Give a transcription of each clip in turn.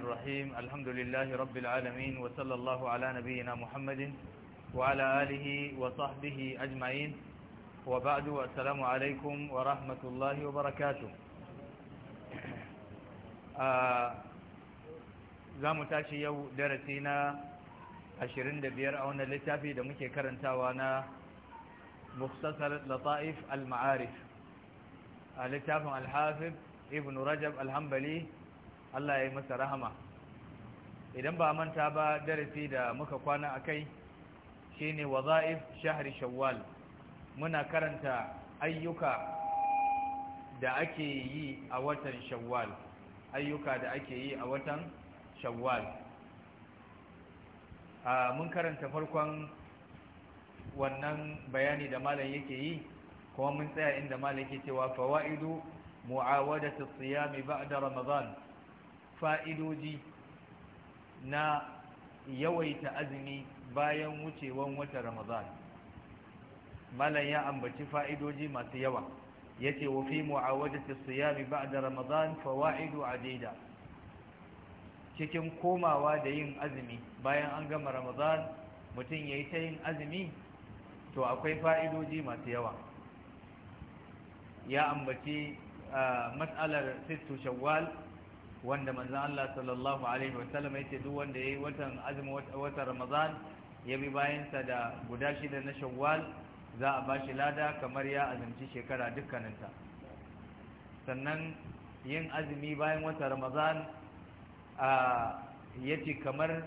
الرحيم الحمد لله رب العالمين وصلى الله على نبينا محمد وعلى آله وصحبه أجمعين وبعد السلام عليكم ورحمة الله وبركاته za mu tashi yau darasi na 25 a wannan littafi da muke karantawa na muktasar lata'if al-ma'arif a littafin al-hafib ibn rajab al Allah ya yi masa rahama idan ba manta ba darasi da muka kwana akai shine waza'if shahri shawwal muna karanta ayyuka da ake yi a watan shawwal ayyuka da ake yi a watan shawwal mun karanta farkon wannan bayani da malam yake yi kuma mun tsaya inda malam yake cewa fawaidu mu'awadatu siyami ba'da ramadan fa'idoji na yawaita azumi bayan wucewan wata ramadan malam ya ambaci fa'idoji masu yawa ya ce wa fi mu'awajata ba ba'da ramadan fawa'idu adida cikin komawa da yin azumi bayan an gama ramadan mutum ya yi ta yin azumi to akwai fa'idoji masu yawa ya ambaci ah, matsalar sittu shawwal wanda manzan Allah sallallahu alaihi wasallam ya ce duk wanda ya yi watan azumin watan ramadan ya bi bayansa da guda shida na shawwal za a ba shi lada kamar ya azumci shekara dukkaninta sannan yin azumi bayan watan ramadan a ya ce kamar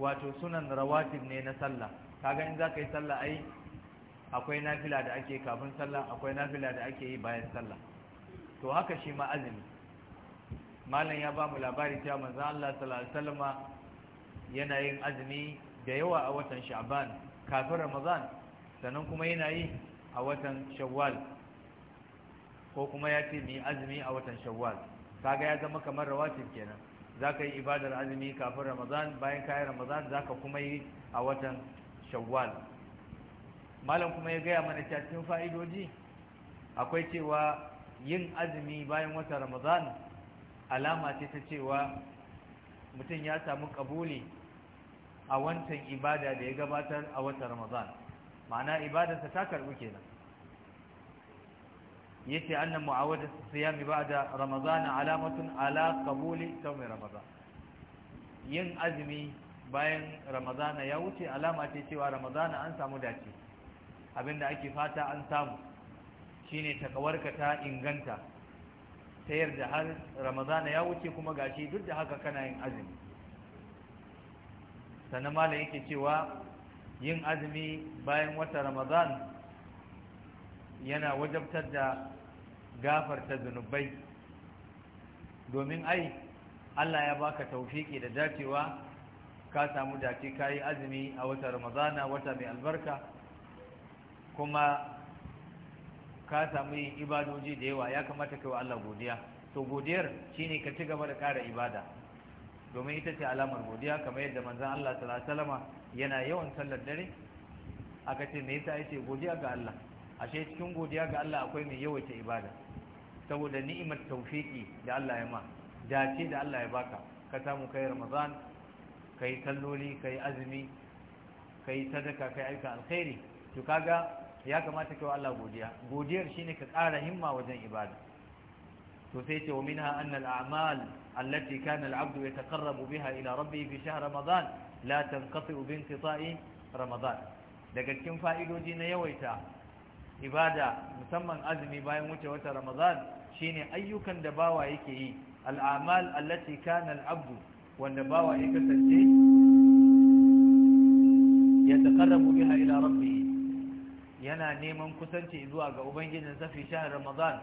wato sunan rawatib ne na sallah kaga in za ka yi sallah ai akwai nafila da ake kafin sallah akwai nafila da ake yi bayan sallah to haka shi ma azumi malam ya ba mu labari cewa manzo Allah sallallahu alaihi wasallama yana yin azumi da yawa a watan Sha'ban kafin Ramadan sannan kuma yana yi a watan Shawwal ko kuma ya ce mu azumi a watan Shawwal kaga ya zama kamar rawatib kenan zaka yi ibadar azumi kafin Ramadan bayan kai Ramadan zaka kuma yi a watan Shawwal malam kuma ya gaya mana cikin fa'idoji akwai cewa yin azumi bayan watan Ramadan alama ce ta cewa mutum ya samu kabuli a wancan ibada da ya gabatar a watan ramadan ma'ana ibadarsa ta karbu kenan yace annan mu'awadatu siyami ba'da ramadan alamatun ala qabuli mai ramadan yin azumi bayan ramazana ya wuce alama ce cewa ramazana an samu dace abinda ake fata an samu shine takawarka ta inganta ta yarda har ramadana ya wuce kuma gashi duk da haka kana yin azumi sannan malam yake cewa yin azumi bayan wata ramadan yana wajabtar da gafarta zunubai domin ai Allah ya baka taufiki da dacewa ka samu dace kayi azumi a wata ramadana wata mai albarka kuma ka samu yin ibadoji da yawa ya kamata kai wa Allah godiya to godiyar shine ka ci gaba da ƙara ibada domin ita ce alamar godiya kamar yadda manzon Allah sallallahu alaihi yana yawan sallar dare aka ce me yasa yace godiya ga Allah ashe cikin godiya ga Allah akwai mai yawaita ibada saboda ni'imar tawfiki da Allah ya ma dace da Allah ya baka ka samu kai Ramadan kai salloli kai azumi kai sadaka kai aika alkhairi to kaga ya kamata kai Allah godiya godiyar shine ka ƙara himma wajen ibada to sai ce wa minha anna al-a'mal allati kana al-'abdu yataqarrabu biha ila rabbih fi shahr ramadan la tanqati bi inqita'i ramadan daga cikin fa'idoji na yawaita ibada musamman azumi bayan wuce wata ramadan shine ayyukan da bawa yake yi al-a'mal allati kana al-'abdu wanda bawa ya kasance ya taqarrabu biha ila rabbih yana neman kusanci zuwa ga ubangijin sa fi shahr ramadan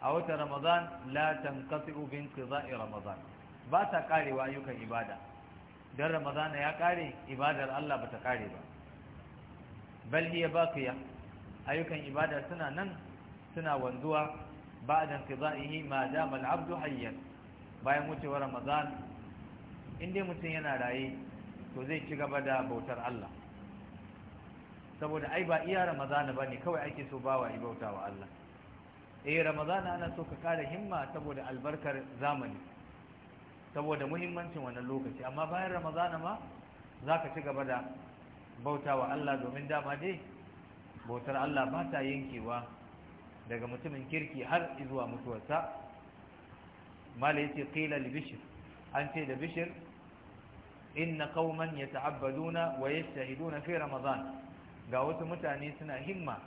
a watan ramadan la tanqasi'u bi inqida'i ramadan ba ta karewa ayyukan ibada dan ramadan ya kare ibadar Allah bata kare ba bal hiya baqiya ayyukan ibada suna nan suna wanzuwa ba'da inqida'ihi ma dama al hayyan bayan wucewar ramadan in dai mutum yana raye to zai ci gaba da bautar Allah saboda ai ba iya ramadana ba ne kawai ake so bawa yi bauta wa Allah eh ramadana ana so ka kara himma saboda albarkar zamani saboda muhimmancin wannan lokaci amma bayan ramadana ma za ka ci gaba da bauta wa Allah domin dama dai bautar Allah ba ta yankewa daga mutumin kirki har zuwa mutuwarsa mala yace qila li bishr an ce da bishr inna qauman yata'abbaduna wa yastahiduna fi ramadan ga wasu mutane suna himma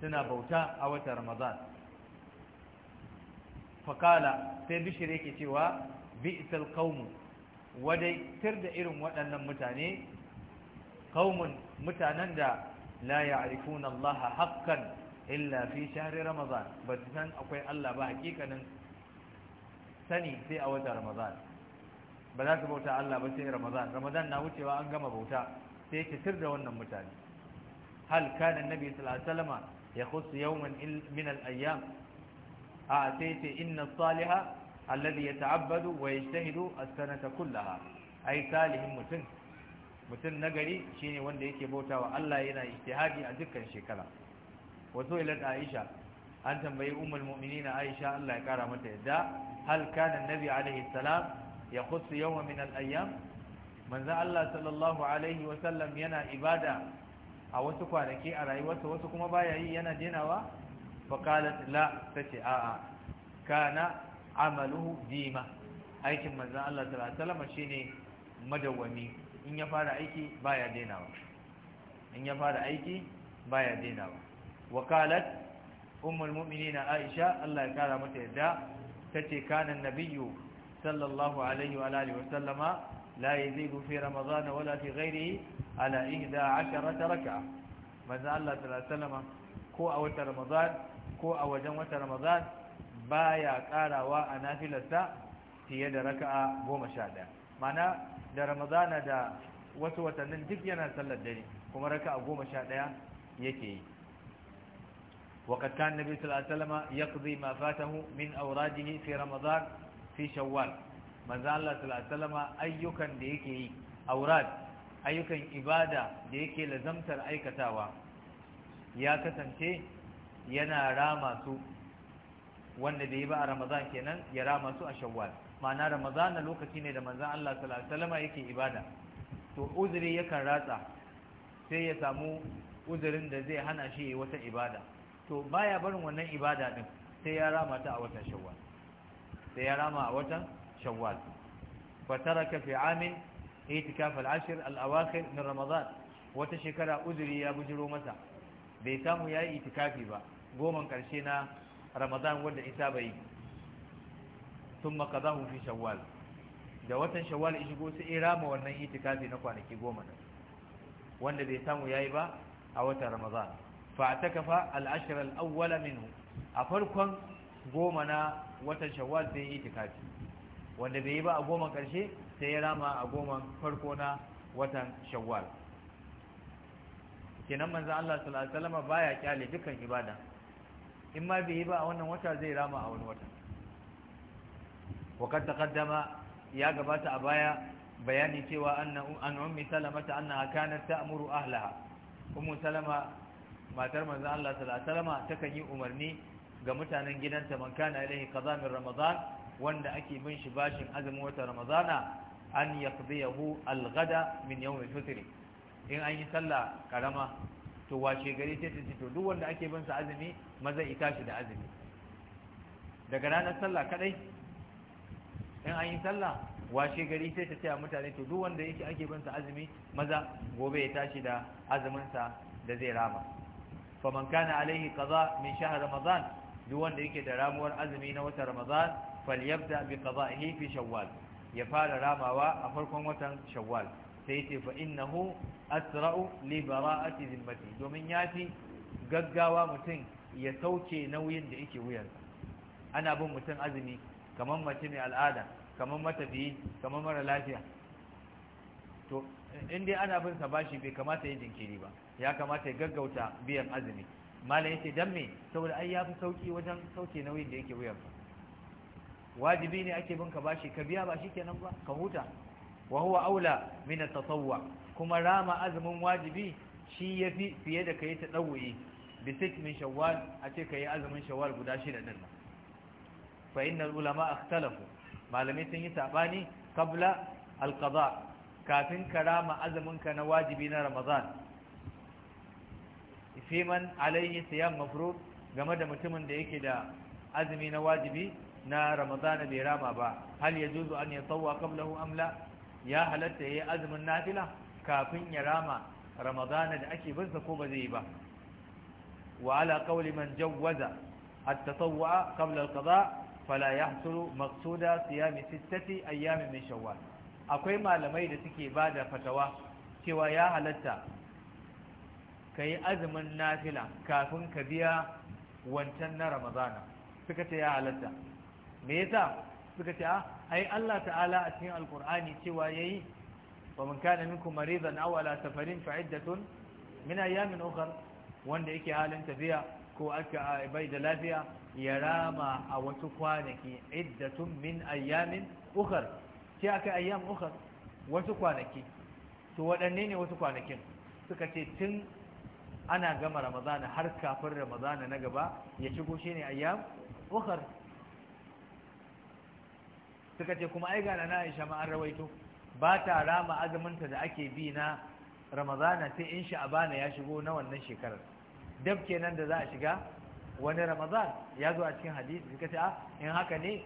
suna bauta a wata ramadan fakala sai bishir yake cewa bi'sal qaumu wadai tir da irin waɗannan mutane qaumun mutanen da la ya'rifuna Allah haqqan illa fi shahri ramadan ba su san akwai Allah ba hakikanin sani sai a wata ramadan ba za su bauta Allah ba sai ramadan ramadan na wucewa an gama bauta sai ya tir da wannan mutane hal kana annabi sallallahu alaihi wasallam yakhus yawman min al-ayyam a sai ce inna as-saliha alladhi yata'abbadu wa yajtahidu as-sanata kullaha ai salihin mutum mutum nagari ne wanda yake bautawa Allah yana ijtihadi a dukkan shekara wato ila Aisha an tambayi umar mu'minina Aisha Allah ya kara mata yadda hal kana annabi alaihi salam yakhus yawma min al manzo Allah sallallahu alaihi wa sallam yana ibada a wasu kwanaki a rayuwarsa wasu kuma baya yi yana denawa faqalat la tace a'a kana amaluhu dima aikin manzon Allah sallallahu alaihi wasallam shine madawami in ya fara aiki baya denawa in ya fara aiki baya denawa waqalat ummul mu'minina Aisha Allah ya kara mata yadda tace kana nabiyyu sallallahu alaihi wa alihi wasallama لا يزيد في رمضان ولا في غيره على إهدى عشرة ركعة ماذا الله صلى الله عليه وسلم كو أوت رمضان كو أوجن رمضان بايا وأنا في لسا في يد ركعة ومشاهدة معنى دا رمضان دا وسوة watannin ينا صلى الله عليه وسلم raka a goma sha وقد كان النبي صلى الله عليه وسلم يقضي ما فاته من أوراده في رمضان في شوال manzo Allah sallallahu alaihi ayyukan da yake yi aurat ayyukan ibada da yake lazamtar aikatawa ya kasance yana rama su wanda da yi ba a Ramadan kenan ya rama su a Shawwal ma'ana Ramadan na lokaci ne da manzo Allah sallallahu alaihi yake ibada to uzuri yakan ratsa sai ya samu uzurin da zai hana shi wata ibada to baya barin wannan ibada din sai ya rama ta a watan Shawwal sai ya rama a watan شوال فترك في عام اعتكاف العشر الأواخر من رمضان وتشكر أذري يا بجرو متى بيتام يا اعتكافي با قوما كرشينا رمضان ود إسابي ثم قضاه في شوال da watan shawwal ishi go sai rama wannan itikafi na kwanaki goma nan wanda bai samu yayi ba a watan ramadan fa takafa al-ashr al-awwal minhu a farkon goma na watan shawwal sai itikafi wanda bai yi ba a goma ƙarshe sai ya rama a goma farko na watan shawwal kenan manzo Allah sallallahu alaihi wasallam baya kyale dukkan ibada in ma bai yi ba a wannan wata zai rama a wani wata wa kad taqaddama ya gabata a baya bayani cewa an ummi ta anna kanat ta'muru ahlaha ummu salama matar manzo Allah sallallahu alaihi wasallam kan yi umarni ga mutanen gidanta man kana ilahi qadamin ramadan wanda ake bin shi bashin azumin wata ramadana an yaqdiyahu al-ghada min yawm al-fitr in an yi sallah karama to wace gari ce ta to duk wanda ake bin sa azumi maza ita shi da azumi daga ranar sallah kadai in an yi sallah washe gari ce ta taya mutane to duk wanda yake ake bin sa azumi maza gobe ya tashi da azumin sa da zai rama faman kana alaihi qaza min shahr ramadan duk wanda yake da ramuwar azumi na wata ramadan falyabda bi qada'ihi fi shawwal ya fara ramawa a farkon watan shawwal sai yace fa innahu asra'u li bara'ati zimmati domin yati gaggawa mutum ya sauke nauyin da yake wuyarsa ana bin mutum azumi kamar mace mai al'ada kamar matafiyi kamar mara lafiya to in dai ana bin sa bashi bai kamata ya jinkiri ba ya kamata ya gaggauta biyan azumi malam yace dan me saboda ai ya fi sauki wajen sauke nauyin da yake wuyarsa wajibi ne ake binka bashi ka biya ba shikenan ba ka huta wa huwa aula min at kuma rama azumin wajibi shi yafi fiye da kai ta dawuyi bi min shawwal a ce kai azumin shawwal guda shida din nan fa innal ulama ikhtalafu malamai sun yi sabani qabla al kafin ka rama azumin ka na wajibi na ramadan fi man alayhi siyam mafruḍ game da mutumin da yake da azumi na wajibi na ramadana bai rama ba hal ya juzu an ya tsawa kablahu amla ya halatta ya yi azumin nafila kafin ya rama ramadana da ake binsa ko ba zai yi ba wa ala qawli man jawwaza at-tatawwa qabla al-qada fala yahsulu su siyami sittati ayyami min shawwal akwai malamai da suke ba da fatawa cewa ya halatta yi azumin nafila kafin ka biya wancan na ramadana suka ce ya halatta me yasa suka ce a ah, ai Allah ta'ala a cikin alkur'ani cewa yayi wa man kana minkum maridan aw ala safarin fa iddatun min ayamin ukhra wanda yake halin tafiya ko aka bai da lafiya ya rama a wasu kwanaki iddatun min ayamin ukhra ce aka ayyam ukhra wasu kwanaki to waɗanne ne wasu kwanakin suka ce tun ana gama ramadana har kafin ramadana na gaba ya shigo shine ayyam ukhra suka ce kuma ai ga na Aisha ma an rawaito ba ta rama azuminta da ake bi na Ramadana sai in abana ya shigo na wannan shekarar dab kenan da za a shiga wani Ramadan ya zo a cikin hadisi suka ce a ah, in haka ne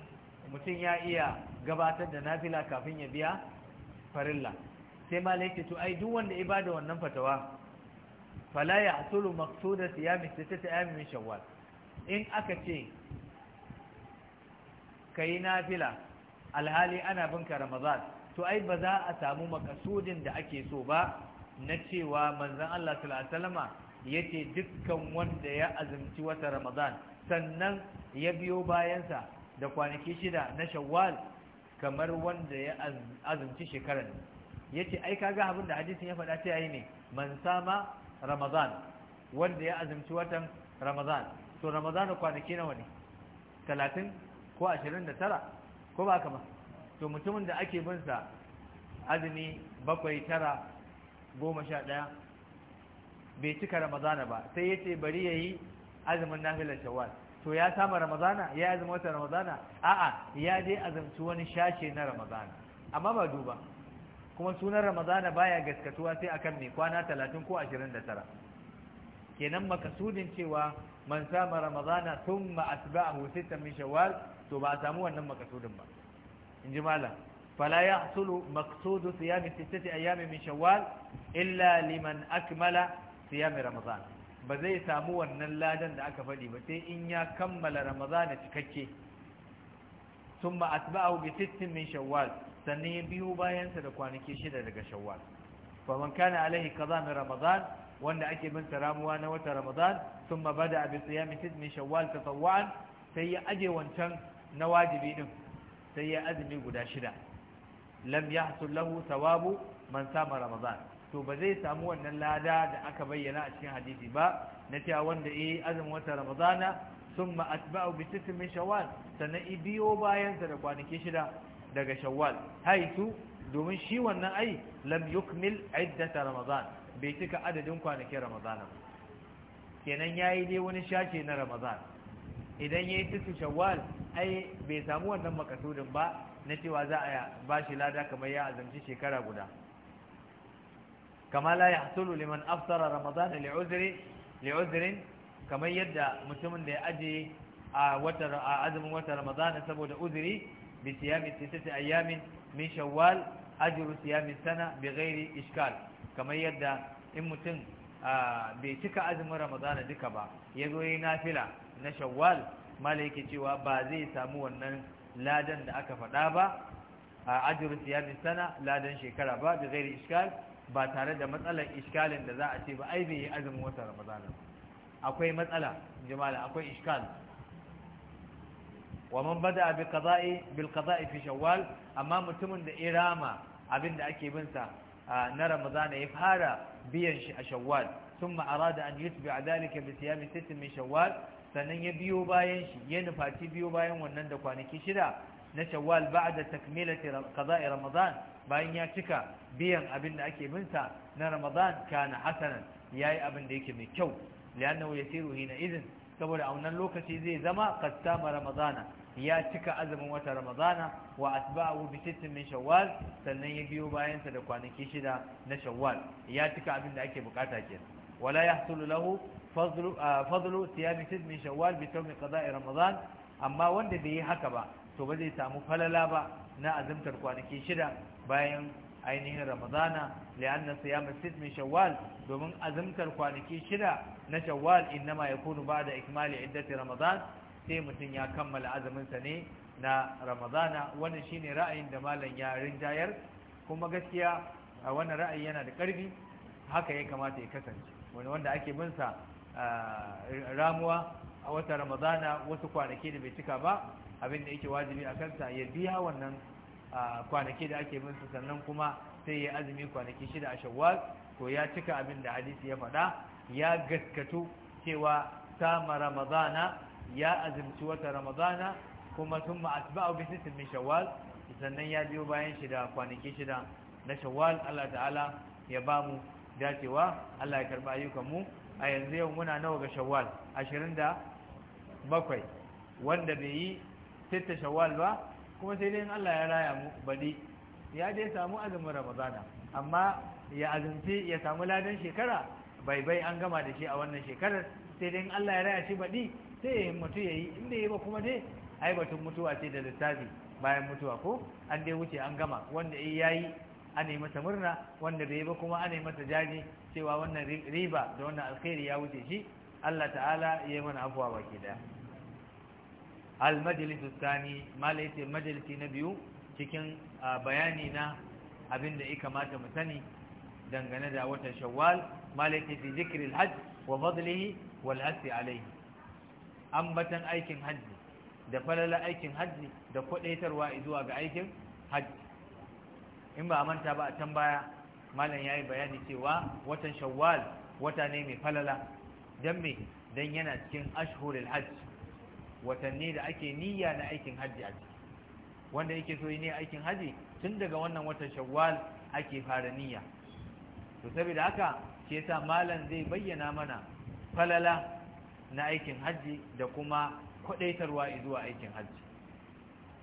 mutum ya iya gabatar da nafila kafin ya biya farilla sai ma laifin to ai duk wanda ya bada wannan fatawa fala ya asulu maqsuda siyami sittata ayami min shawwal in aka ce kai nafila alhali ana binka ramadan to ai ba za a samu makasudin da ake so ba na cewa manzon Allah sallallahu alaihi wasallama yace dukkan wanda ya azumci wata ramadan sannan ya biyo bayansa da kwanaki shida na shawwal kamar wanda ya azumci shekarar yace ai kaga abin da hadisin ya faɗa ta yayi ne man sama ramadan wanda ya azumci watan ramadan to ramadan kwanaki nawa ne 30 ko 29 ko ba haka to mutumin da ake bin sa azumi bakwai tara goma sha ɗaya bai cika ramadana ba sai ya ce bari ya yi azumin nafilar shawwal to ya sama ramadana ya azumi wata ramadana a'a ya je azumci wani shashe na ramadana amma ba duba kuma sunan ramadana baya gaskatuwa sai akan mai kwana talatin ko ashirin da tara kenan makasudin cewa man sama ramadana thumma atba'ahu sittan min shawwal to ba samu wannan makasudin ba in ji malam fala yahsulu maqsudu siyam sittati ayyamin min shawwal illa liman akmala siyam ramadan ba zai samu wannan ladan da aka fadi ba sai in ya kammala ramadana cikakke thumma atba'ahu bi sittin min shawwal sannan biyu bayan bayansa da kwanaki shida daga shawwal faman kana alaihi kaza min ramadan wanda ake bin ramuwa na wata ramadan sun mabada abin siyami min shawwal tatawwa'an sai ya aje wancan na wajibi din sai ya azumi guda shida lam yahsul lahu thawabu man sama ramadan to ba zai samu wannan lada da aka bayyana a cikin hadisi ba na cewa wanda yi azumin wata ramadana summa atba'u bi sittin min shawwal sannan ibiyo bayan sa da kwanaki shida daga shawwal haitu domin shi wannan ai lam yukmil iddat ramadan bai cika adadin kwanakin ramadana kenan ya yi dai wani shashe na ramadana idan ya yi tisu shawwal ai bai samu wannan makasudin ba na cewa za a ba shi lada kamar ya azamci shekara guda kama la ya hasulu liman aftara ramadana li'uzirin kamar yadda mutumin da ya aje a azumin wata ramadana saboda uzuri bi siyami sittati ayyamin min shawwal ajru siyami sana bi ghairi ishkal kamar yadda in mutum bai cika azumin ramadana duka ba ya zo yi nafila na shawwal mala yake cewa ba zai samu wannan ladan da aka faɗa ba a ajiyar siyamin sana ladan shekara ba da zai iskal ba tare da matsalar iskalin da za a ce ba ai bai yi azumin wata ramadana akwai matsala jimala akwai iskal wa man bada bi qada'i bil qada'i shawwal amma mutumin da irama abinda ake binsa na ramadana ya fara biyan shi a shawwal thumma da an a dalika bi ya sitt mai shawwal sannan ya biyo bayan shi ya nufaci biyo bayan wannan da kwanaki shida na shawwal da takmilati qada'i ramadan bayan ya cika biyan abin da ake binsa na ramadan kana hasanan yayi abin da yake mai kyau li'annahu yasiru hina izin? saboda a wannan lokaci zai zama qad sama ramadana ya cika azumin wata ramadana wa asba'ahu bi sittin min shawwal sannan ya biyo bayan sa da kwanaki shida na shawwal ya cika abin da ake bukata ke. wala yahsulu lahu fadlu ah, fadlu siyami sitt min shawwal bi sawmi qada'i ramadan amma wanda bai yi haka ba to ba zai samu falala ba na azumtar kwanaki shida bayan ainihin ramadana li'anna siyama sitt min shawwal domin azumtar kwanaki shida na shawwal innama yakunu ba'da ikmali iddati ramadan sai mutum ya kammala azumin sa ne na ramadana wannan shine ra'ayin da malam ya rinjayar kuma gaskiya a wannan ra'ayi yana da ƙarfi haka ya kamata ya kasance wani wanda ake bin ramuwa a wata ramadana wasu kwanaki da bai cika ba abin da yake wajibi a kansa ya biya wannan kwanaki da ake bin sannan kuma sai ya azumi kwanaki shida a shawwal ko ya cika abin da hadisi ya faɗa ya gaskatu cewa sama ramadana ya azumci wata ramadana kuma sun ma'atba'u bi sittin min shawwal sannan ya biyo bayan shida kwanaki shida na shawwal Allah ta'ala ya ba mu dacewa Allah ya karba ayyukan mu a yanzu yau muna nawa ga shawwal 27 wanda bai yi sitta shawwal ba kuma sai dai Allah ya raya mu badi ya dai samu azumin ramadana amma ya azumci ya samu ladan shekara bai bai an gama da shi a wannan shekarar sai dai Allah ya raya shi badi sai ya yi mutu ya yi in ya yi ba kuma dai ai batun mutuwa ce da littafi bayan mutuwa ko an dai wuce an gama wanda ya yi a yi masa murna wanda bai yi ba kuma a ne masa jaji cewa wannan riba da wannan alkhairi ya wuce shi Allah ta'ala ya yi mana abuwa baki daya al-majlisu tsani mala ce majalisi na biyu cikin bayani na abin da ya kamata mu sani dangane da watan shawwal mala yace fi zikril hajj wa fadlihi wal asri alayhi ambatan aikin hajji da falala aikin hajji da kwadaitarwa zuwa ga aikin hajji in ba a manta ba a tambaya baya malam yi bayani cewa watan shawwal wata ne mai falala dan me dan yana cikin ashhurul hajj watanni da ake niyya na aikin hajji a ciki wanda yake so yi ne aikin hajji tun daga wannan watan shawwal ake fara niyya to saboda haka ke sa malam zai bayyana mana falala na aikin hajji da kuma kwadaitarwa zuwa aikin hajji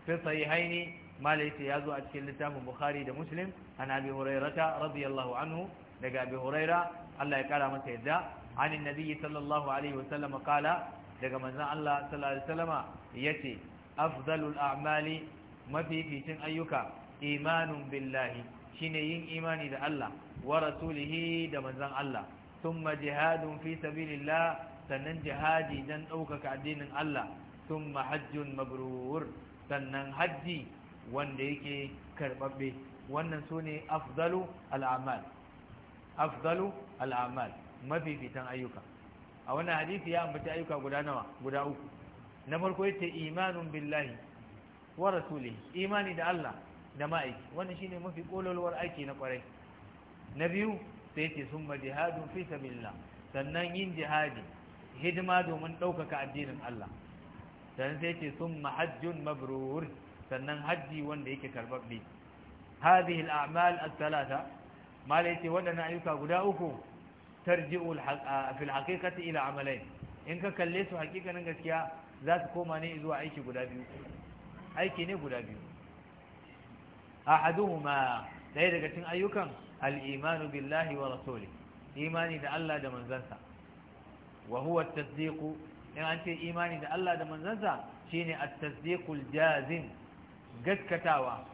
fi sahihaini malaita ya zo a cikin littafin bukhari da muslim ana bi hurairata radiyallahu anhu daga abi huraira Allah ya kara masa yadda anin nabiyyi sallallahu alaihi wasallam kala daga manzon Allah sallallahu alaihi wasallama yace afdalul a'mali mafificin ayyuka imanun billahi shine yin imani da Allah wa rasulihi da manzon Allah thumma jihadun fi sabilillah sannan jihadi don ɗaukaka addinin Allah sun mahajjun mabrur sannan hajji wanda yake karbabbe wannan su ne afdalu al'amal afdalu al'amal fitan ayyuka a wannan hadisi ya ambata ayyuka guda nawa guda uku na farko yace imanun billahi wa rasuli, imani da Allah da ma'aiki wannan shine mafi kololuwar aiki na kwarai na biyu sai yace summa jihadun fi sabilillah sannan yin jihadi hidima domin ɗaukaka addinin Allah sannan sai ce sun mahajjun mabrur sannan hajji wanda yake karɓaɓɓe hadhihi al-a'mal ath-thalatha mala yace waɗannan ayyuka guda uku tarji'u fil haqiqati ila amalain in ka kalle su haƙiƙanin gaskiya za su koma ne zuwa aiki guda biyu aiki ne guda biyu ɗaya daga cin ayyukan al-imanu billahi wa rasuli imani da Allah da manzansa wa huwa in an ce imani da Allah da manzansa shine at-tasdiqul jazim gaskatawa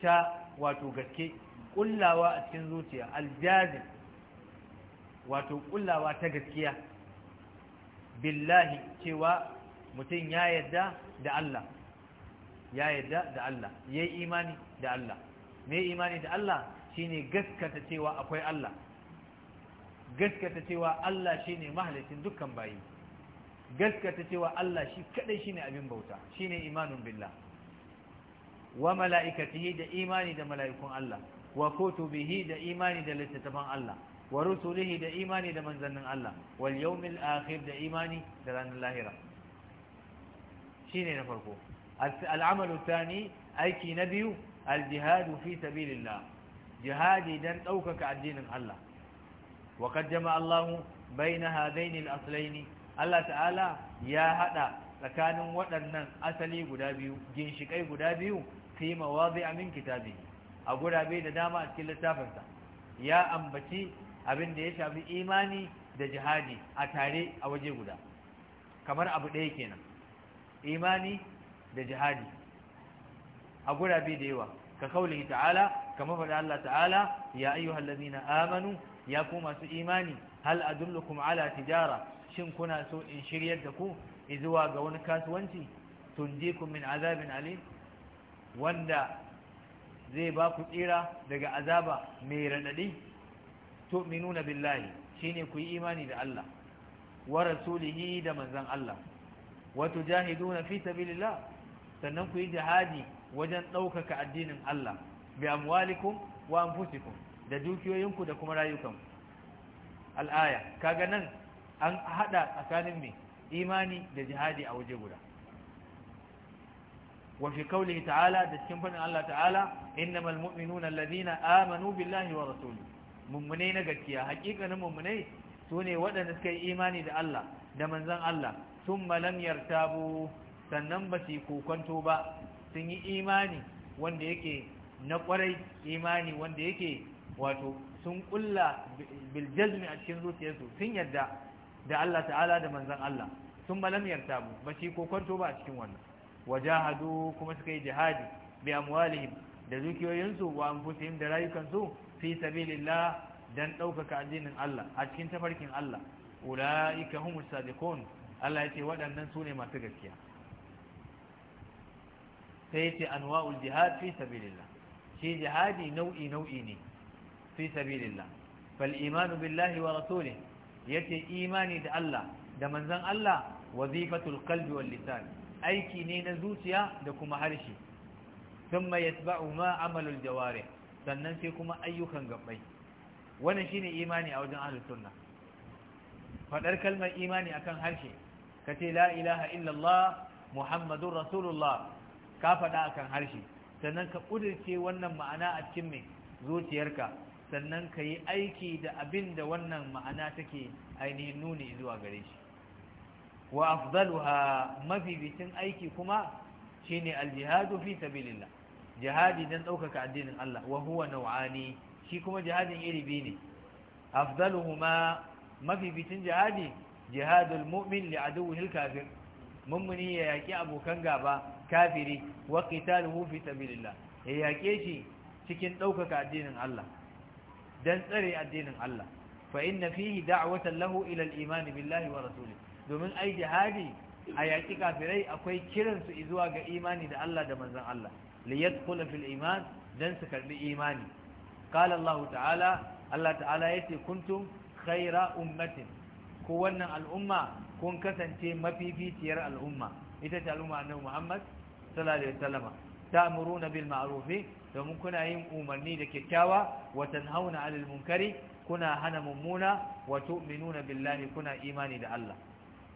ta wato gaske kullawa a cikin zuciya al wato kullawa ta gaskiya billahi cewa mutum ya yadda da Allah ya yadda da Allah yayi imani da Allah me imani da Allah shine gaskata cewa akwai Allah gaskata cewa Allah ne mahalicin dukkan bayi gaskata cewa Allah shi kadai shine abin bauta shine imanun billah wa mala'ikatihi da imani da mala'ikun Allah wa bihi da imani da littattafan Allah wa rusulihi da imani da manzannin Allah wal yawmil akhir da imani da ranar lahira shine na farko al'amalu tani aiki na biyu al jihadu fi sabilillah jihadi don ɗaukaka addinin Allah wa qad jama'a Allahu baina hadaini al-aslaini Allah ta'ala ya haɗa tsakanin waɗannan asali guda biyu ginshikai guda biyu fi mawadi'a min kitabi a gurabe da dama a cikin littafinsa ya ambaci abin da ya shafi imani da jihadi a tare a waje guda kamar abu ɗaya kenan imani da jihadi a gurabe da yawa ka kauli ta'ala kamar faɗa Allah ta'ala ya ayyuhal ladina amanu ya ku masu imani hal adullukum ala tijara shin kuna so in shiryar da ku zuwa ga wani kasuwanci tunjikum min azabin alim wanda zai ba ku tsira daga azaba mai radadi tu'minuna billahi shine ku yi imani da Allah wa rasulihi da manzon Allah wa tujahiduna fi sabilillah sannan ku yi jihadi wajen ɗaukaka addinin Allah bi amwalikum wa anfusikum da dukiyoyinku da kuma rayukanku al'aya kaga nan an haɗa tsakanin mai imani da jihadi a waje guda wafi kawli ta'ala da cikin faɗin Allah ta'ala inna malmuminuna ladina amanu billahi wa rasulu mummune na gaskiya hakikanin mummune su ne waɗanda suka yi imani da Allah da manzan Allah sun malam yartabu sannan ba su yi kokonto ba sun yi imani wanda yake na kwarai imani wanda yake wato sun kulla biljazmi a cikin zuciyarsu sun yarda da Allah ta'ala da manzan Allah sun malam yarta mu ba shi ko kwanto ba a cikin wannan wajahadu kuma suka yi jihadi bi amwalihim da dukiyoyinsu wa anfusihim da rayukansu fi sabilillah dan ɗaukaka addinin Allah a cikin tafarkin Allah ula'ika humus sadiqun Allah yace waɗannan su ne masu gaskiya sai yace anwa'ul jihad fi sabilillah shi jihadi nau'i nau'i ne fi sabilillah fal imanu billahi wa rasulih yace imani da Allah da manzon Allah wazifatul qalbi wal lisan aiki ne na zuciya da kuma harshe thumma yatba'u ma amalul jawarih sannan sai kuma ayyukan gabbai wannan shine imani a wajen ahlus sunna fadar kalmar imani akan harshe kace la ilaha illallah muhammadur rasulullah ka fada akan harshe sannan ka kudirce wannan ma'ana a cikin zuciyarka sannan ka yi aiki da abin da wannan ma'ana take ainihin nuni zuwa gare shi wa afdaluha mafificin aiki kuma ne aljihadu fi sabilillah jihadi dan ɗaukaka addinin Allah wa huwa nau'ani shi kuma jihadin iri biyu ne afdaluhuma mafificin jihadi jihadul mu'min li aduwwil kafir mummuni ya yaki abokan gaba kafiri wa qitaluhu fi sabilillah ya yaƙe shi cikin ɗaukaka addinin Allah dan tsare addinin Allah fa inna fihi da'watan lahu ila al-iman billahi wa rasuli domin ai jihadi a yaƙi kafirai akwai kiransu zuwa ga imani da Allah da manzon Allah li yadkhula fil iman dan su karbi imani qala Allah ta'ala Allah ta'ala yace kuntum khaira ummatin Ku wannan al'umma kun kasance mafificiyar al'umma ita ce al'umma annabi Muhammad sallallahu alaihi wasallam ta'muruna bil ma'ruf domin kuna yin umarni da kyakkyawa wa hauna 'anil munkari kuna hana mummuna wato minuna billahi kuna imani da Allah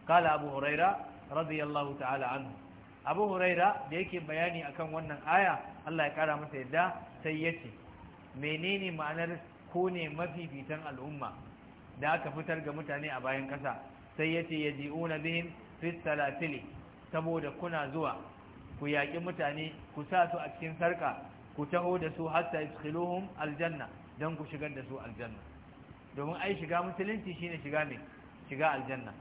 kala abu huraira radiyallahu ta'ala anhu abu huraira da yake bayani akan wannan aya Allah ya kara masa yadda sai yace menene ma'anar ku ne mafifitan al'umma da aka fitar ga mutane a bayan kasa sai yace yaji'una bihim fi salatili saboda kuna zuwa ku yaƙi mutane ku sa su a cikin sarka ku taho da su hatta idkhiluhum aljanna dan ku shigar da su aljanna domin ai shiga musulunci shine shiga ne shiga aljanna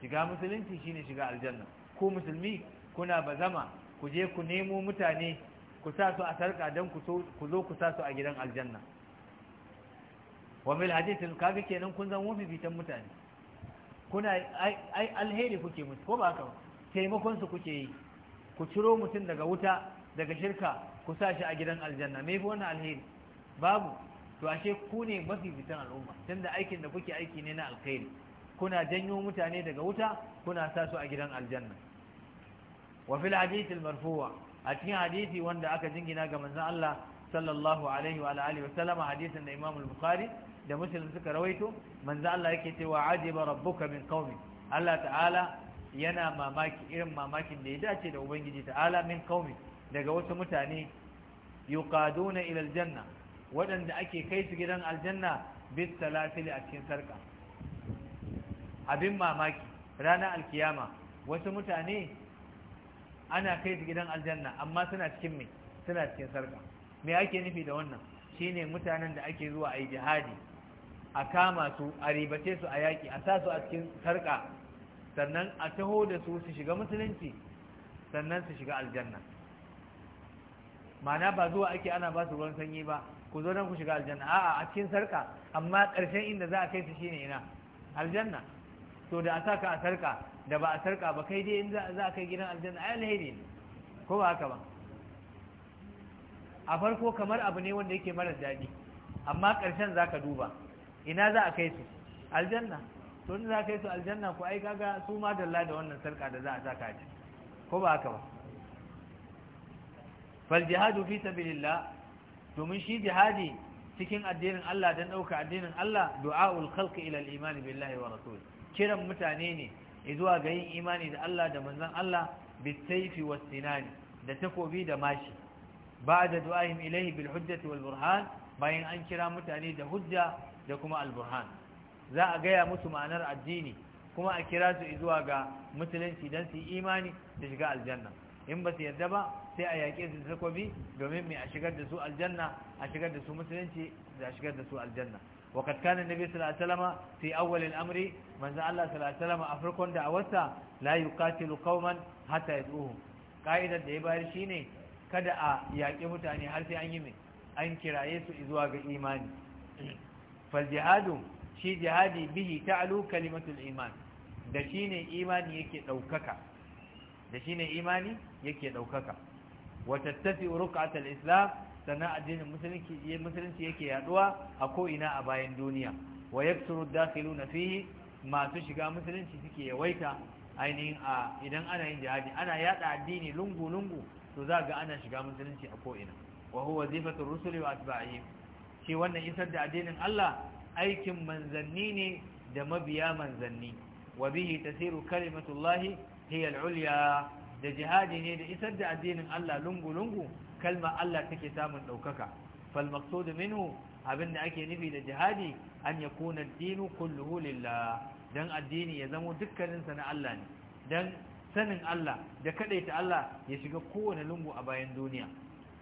shiga musulunci shine shiga aljanna ku musulmi kuna bazama ku je ku nemo mutane ku sa su a sarka dan ku ku zo ku sa su a gidan aljanna wa mil hadithin kaga kenan kun zan wufi bitan mutane kuna ai alheri kuke musu ko ba haka taimakon su kuke yi ku ciro mutum daga wuta daga shirka ku sa shi a gidan aljanna me fi wannan alheri babu to ashe ku ne mafi fitan al'umma tunda aikin da kuke aiki ne na alkhairi kuna janyo mutane daga wuta kuna sa su a gidan aljanna wa fil hadithil a cikin hadisi wanda aka jingina ga manzon Allah sallallahu alaihi wa alihi wa sallama hadisin da Imam bukhari da Muslim suka rawaito manzon Allah yake cewa ajiba rabbuka min qaumi Allah ta'ala yana mamaki irin mamakin da ya dace da ubangiji ta'ala min qaumi daga wasu mutane yuqaduna ila aljanna waɗanda ake kai su gidan aljanna bit salatil a cikin sarka abin mamaki ranar alkiyama wasu mutane ana kai su gidan aljanna amma suna cikin me suna cikin sarka me ake nufi da wannan shine mutanen da ake zuwa ai jihadi a kama su a ribace su a yaƙi a sa su a cikin sarka sannan a taho da su su shiga musulunci sannan su shiga aljanna ma'ana ba zuwa ake ana ba su ruwan sanyi ba ku zo nan ku shiga aljanna a'a a cikin sarka amma ƙarshen inda za a kai su shine ina aljanna to da a sa ka a sarka da ba a sarka ba kai dai in za a kai gidan aljanna ai alheri ne ko ba haka ba a farko kamar abu ne wanda yake mara daɗi amma ƙarshen za ka duba ina za a kai su aljanna to in za a kai su aljanna ku ai kaga su ma dalla da wannan sarka da za a saka a ko ba haka ba fal jihadu fi sabilillah domin shi jihadi cikin addinin Allah dan dauka addinin Allah du'aul khalqi ila al-iman billahi wa rasul kiran mutane ne zuwa ga yin imani da Allah da manzon Allah bisayfi was sinani da takobi da mashi ba'da du'ahim ilayhi bil hujjati wal burhan bayan an kira mutane da hujja da kuma al burhan za a gaya musu ma'anar addini kuma a kira su zuwa ga musulunci dan su imani da shiga aljanna in ba su yadda ba sai a yaƙe su takobi domin mai a shigar da su aljanna a shigar da su musulunci da a shigar da su aljanna وقد كان النبي صلى الله amri manzan Allah أول a farkon da a wasa la yi وسلم أفرقون hata ya tsohu. ƙa'idar da ya bayar shi ne kada a yaƙi mutane har sai an yi mai an kiraye su zuwa ga imani jihadu shi jihadi bihi ta'alu kalimatul iman da shi ne imani yake ɗaukaka da shine imani yake daukaka wa tattafi ruqat al-islam sana addinin musulunci musulunci yake yaduwa a ko ina a bayan duniya wa yaksuru dakhiluna fihi masu shiga musulunci suke yawaita ainihin a idan ana yin jihadi ana yada addini lungu lungu to za ga ana shiga musulunci a ko ina wa huwa wazifatu rusuli wa atba'ihim shi wannan isar da addinin Allah aikin manzanni ne da mabiya manzanni wa bihi tasiru kalimatullahi hiya al da jihadi ne da isar da addinin Allah lungu lungu kalma Allah take samun ɗaukaka. fal da minhu abinda ake nufi da jihadi an ya ad-dinu kulluhu lillah dan addini ya zamo dukkaninsa na Allah ne dan sanin Allah da kadaita Allah ya shiga kowane lungu a bayan duniya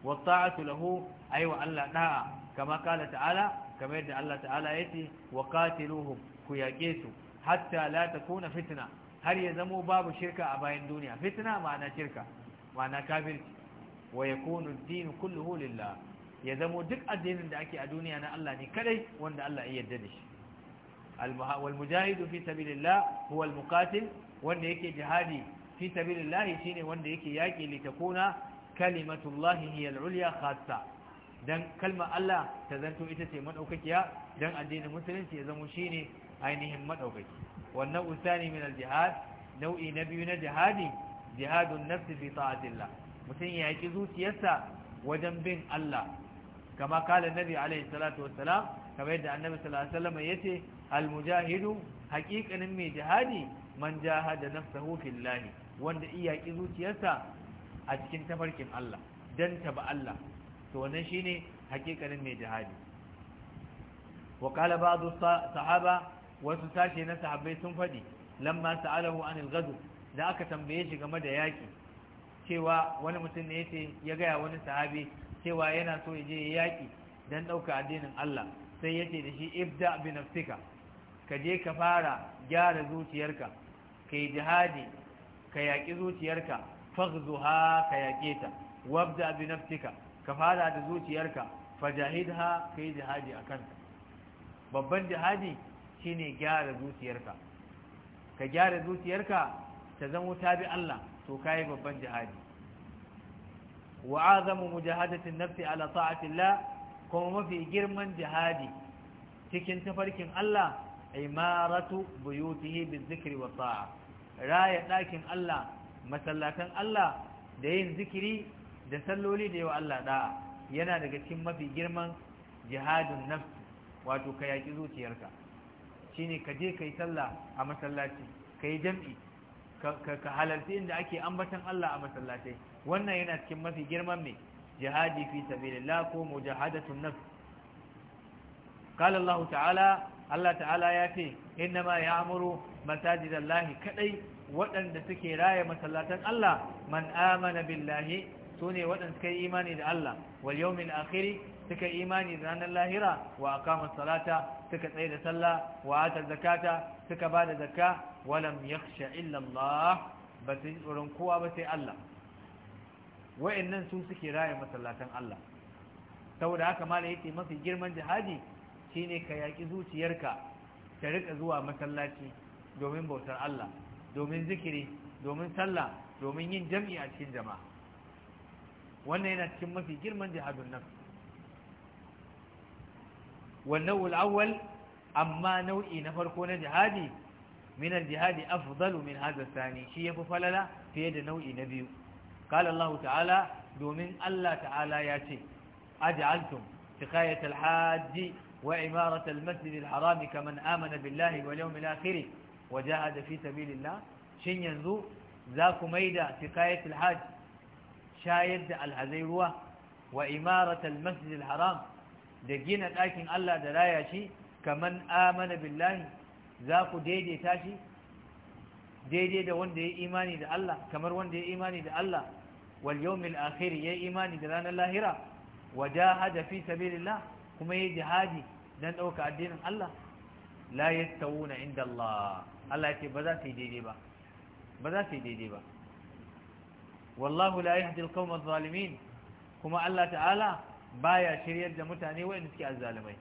wa ta'atu lahu aiwa Allah ɗa'a, kama kala ta'ala kamar yadda Allah ta'ala yace wa qatiluhum ku yaƙe su hatta la kuna fitna har ya zamo babu shirka a bayan duniya fitna ma'ana shirka ma'ana kafirci wa yakunu ad-din kulluhu lillah ya zamo duk addinin da ake a duniya na Allah ne kadai wanda Allah ya yarda da shi wal mujahidu fi sabilillah huwa al muqatil wanda yake jihadi fi sabilillah shine wanda yake yaki litakuna kalimatullahi hiya al ulya khassa dan kalma Allah ta zanto ita ce madaukakiya dan addinin musulunci ya zamo shine ainihin madaukaki wannan usani min aljihad jihad nau'i na biyu na jihadi jihadun nafsi fi ta'atillah mutum ya yaki zuciyarsa wajen bin Allah kama kala nabi alaihi salatu wassalam kamar yadda annabi sallallahu alaihi wasallam yace al-mujahidu haqiqanin mai jihadi man jahada nafsahu fillahi wanda iya yaki zuciyarsa a cikin tafarkin Allah dan taba Allah to wannan shine haqiqanin mai jihadi وقال بعض sahaba? wasu sashe na sahabbai sun faɗi lamma sa'alahu anil gadu da aka tambaye shi game da yaki cewa wani mutum ne yace ya gaya wani sahabi cewa yana so ya je yaƙi dan ɗauka addinin Allah sai yace da shi ibda bi nafsika ka je ka fara gyara zuciyarka kai jihadi ka yaki zuciyarka faghzuha ka yake ta wabda bi nafsika ka fara da zuciyarka fajahidha kai jihadi akan babban jihadi shine gyara zuciyarka ka gyara zuciyarka ta zama ta bi Allah to kai babban jihadi wa azamu mujahadatin nafsi ala ta'atillah kuma mafi girman jihadi cikin tafarkin Allah imaratu buyutihi bizikri wa ta'a raya dakin Allah masallatan Allah da yin zikiri da salloli da yawa Allah da'a yana daga cikin mafi girman jihadin nafsi wato ka yaki zuciyarka ne ka je kai sallah a masallaci kai jam'i ka halarci inda ake ambatan Allah a masallatai wannan yana cikin mafi girman mai jihadi fi sabilillah ko mujahadatun nafs kalallahu ta'ala Allah ta'ala ya ce inna ma ya'muru masajidallahi kadai waɗanda suke raya masallatan Allah man amana billahi su ne waɗanda suka yi imani da Allah wal yawmil akiri suka yi imani da ranar lahira wa aqama salata suka tsaye da sallah wa ata zakata suka ba da zakka walam yakhsha illa ba su tsoron kowa ba sai Allah wa'annan su suke raye masallatan Allah saboda haka mala yace mafi girman jihadi shine ka yaki zuciyarka ta rika zuwa masallaci domin bautar Allah domin zikiri domin sallah domin yin jam'i a cikin jama'a wannan yana cikin mafi girman جهاد النفس والنوع الأول أما نوعي نفركون جهادي من الجهاد أفضل من هذا الثاني شيء ففللا في يد نوعي نبي قال الله تعالى دومين الله تعالى ياتي أجعلتم سقاية الحاج وعمارة المسجد الحرام كمن آمن بالله واليوم الآخر وجاهد في سبيل الله شن ينزو ذاك ميدا سقاية الحاج shayar da alhazai ruwa wa imaratal masjidil haram da gina ɗakin Allah da raya shi kaman amana billahi za ku daidaita shi daidai da wanda ya imani da Allah kamar wanda ya imani da Allah wal yawmil akhir ya imani da ranar lahira wa jahada fi sabilillah kuma ya jihadi dan dauka addinin Allah la yastawuna inda Allah Allah ya ce ba za su yi daidai ba ba za su yi daidai ba wallahu la yahdi al adh-dhalimin kuma Allah ta'ala baya shiryar da mutane waɗanda suke azzalimai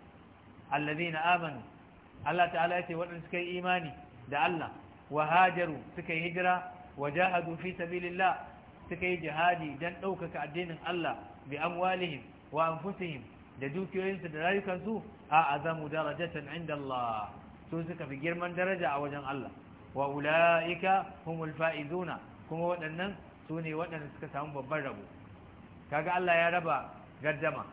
alladhina amanu Allah ta'ala yace waɗanda suka yi imani da Allah wa hajaru suka yi hijira wa jahadu fi sabilillah suka jihadi dan ɗaukaka addinin Allah bi amwalihim wa anfusihim da dukiyoyinsu da rayukansu a azamu darajatan inda Allah su suka fi girman daraja a wajen Allah wa ula'ika humul fa'izuna kuma waɗannan su ne waɗanda suka samu babban rabo kaga Allah ya raba gardama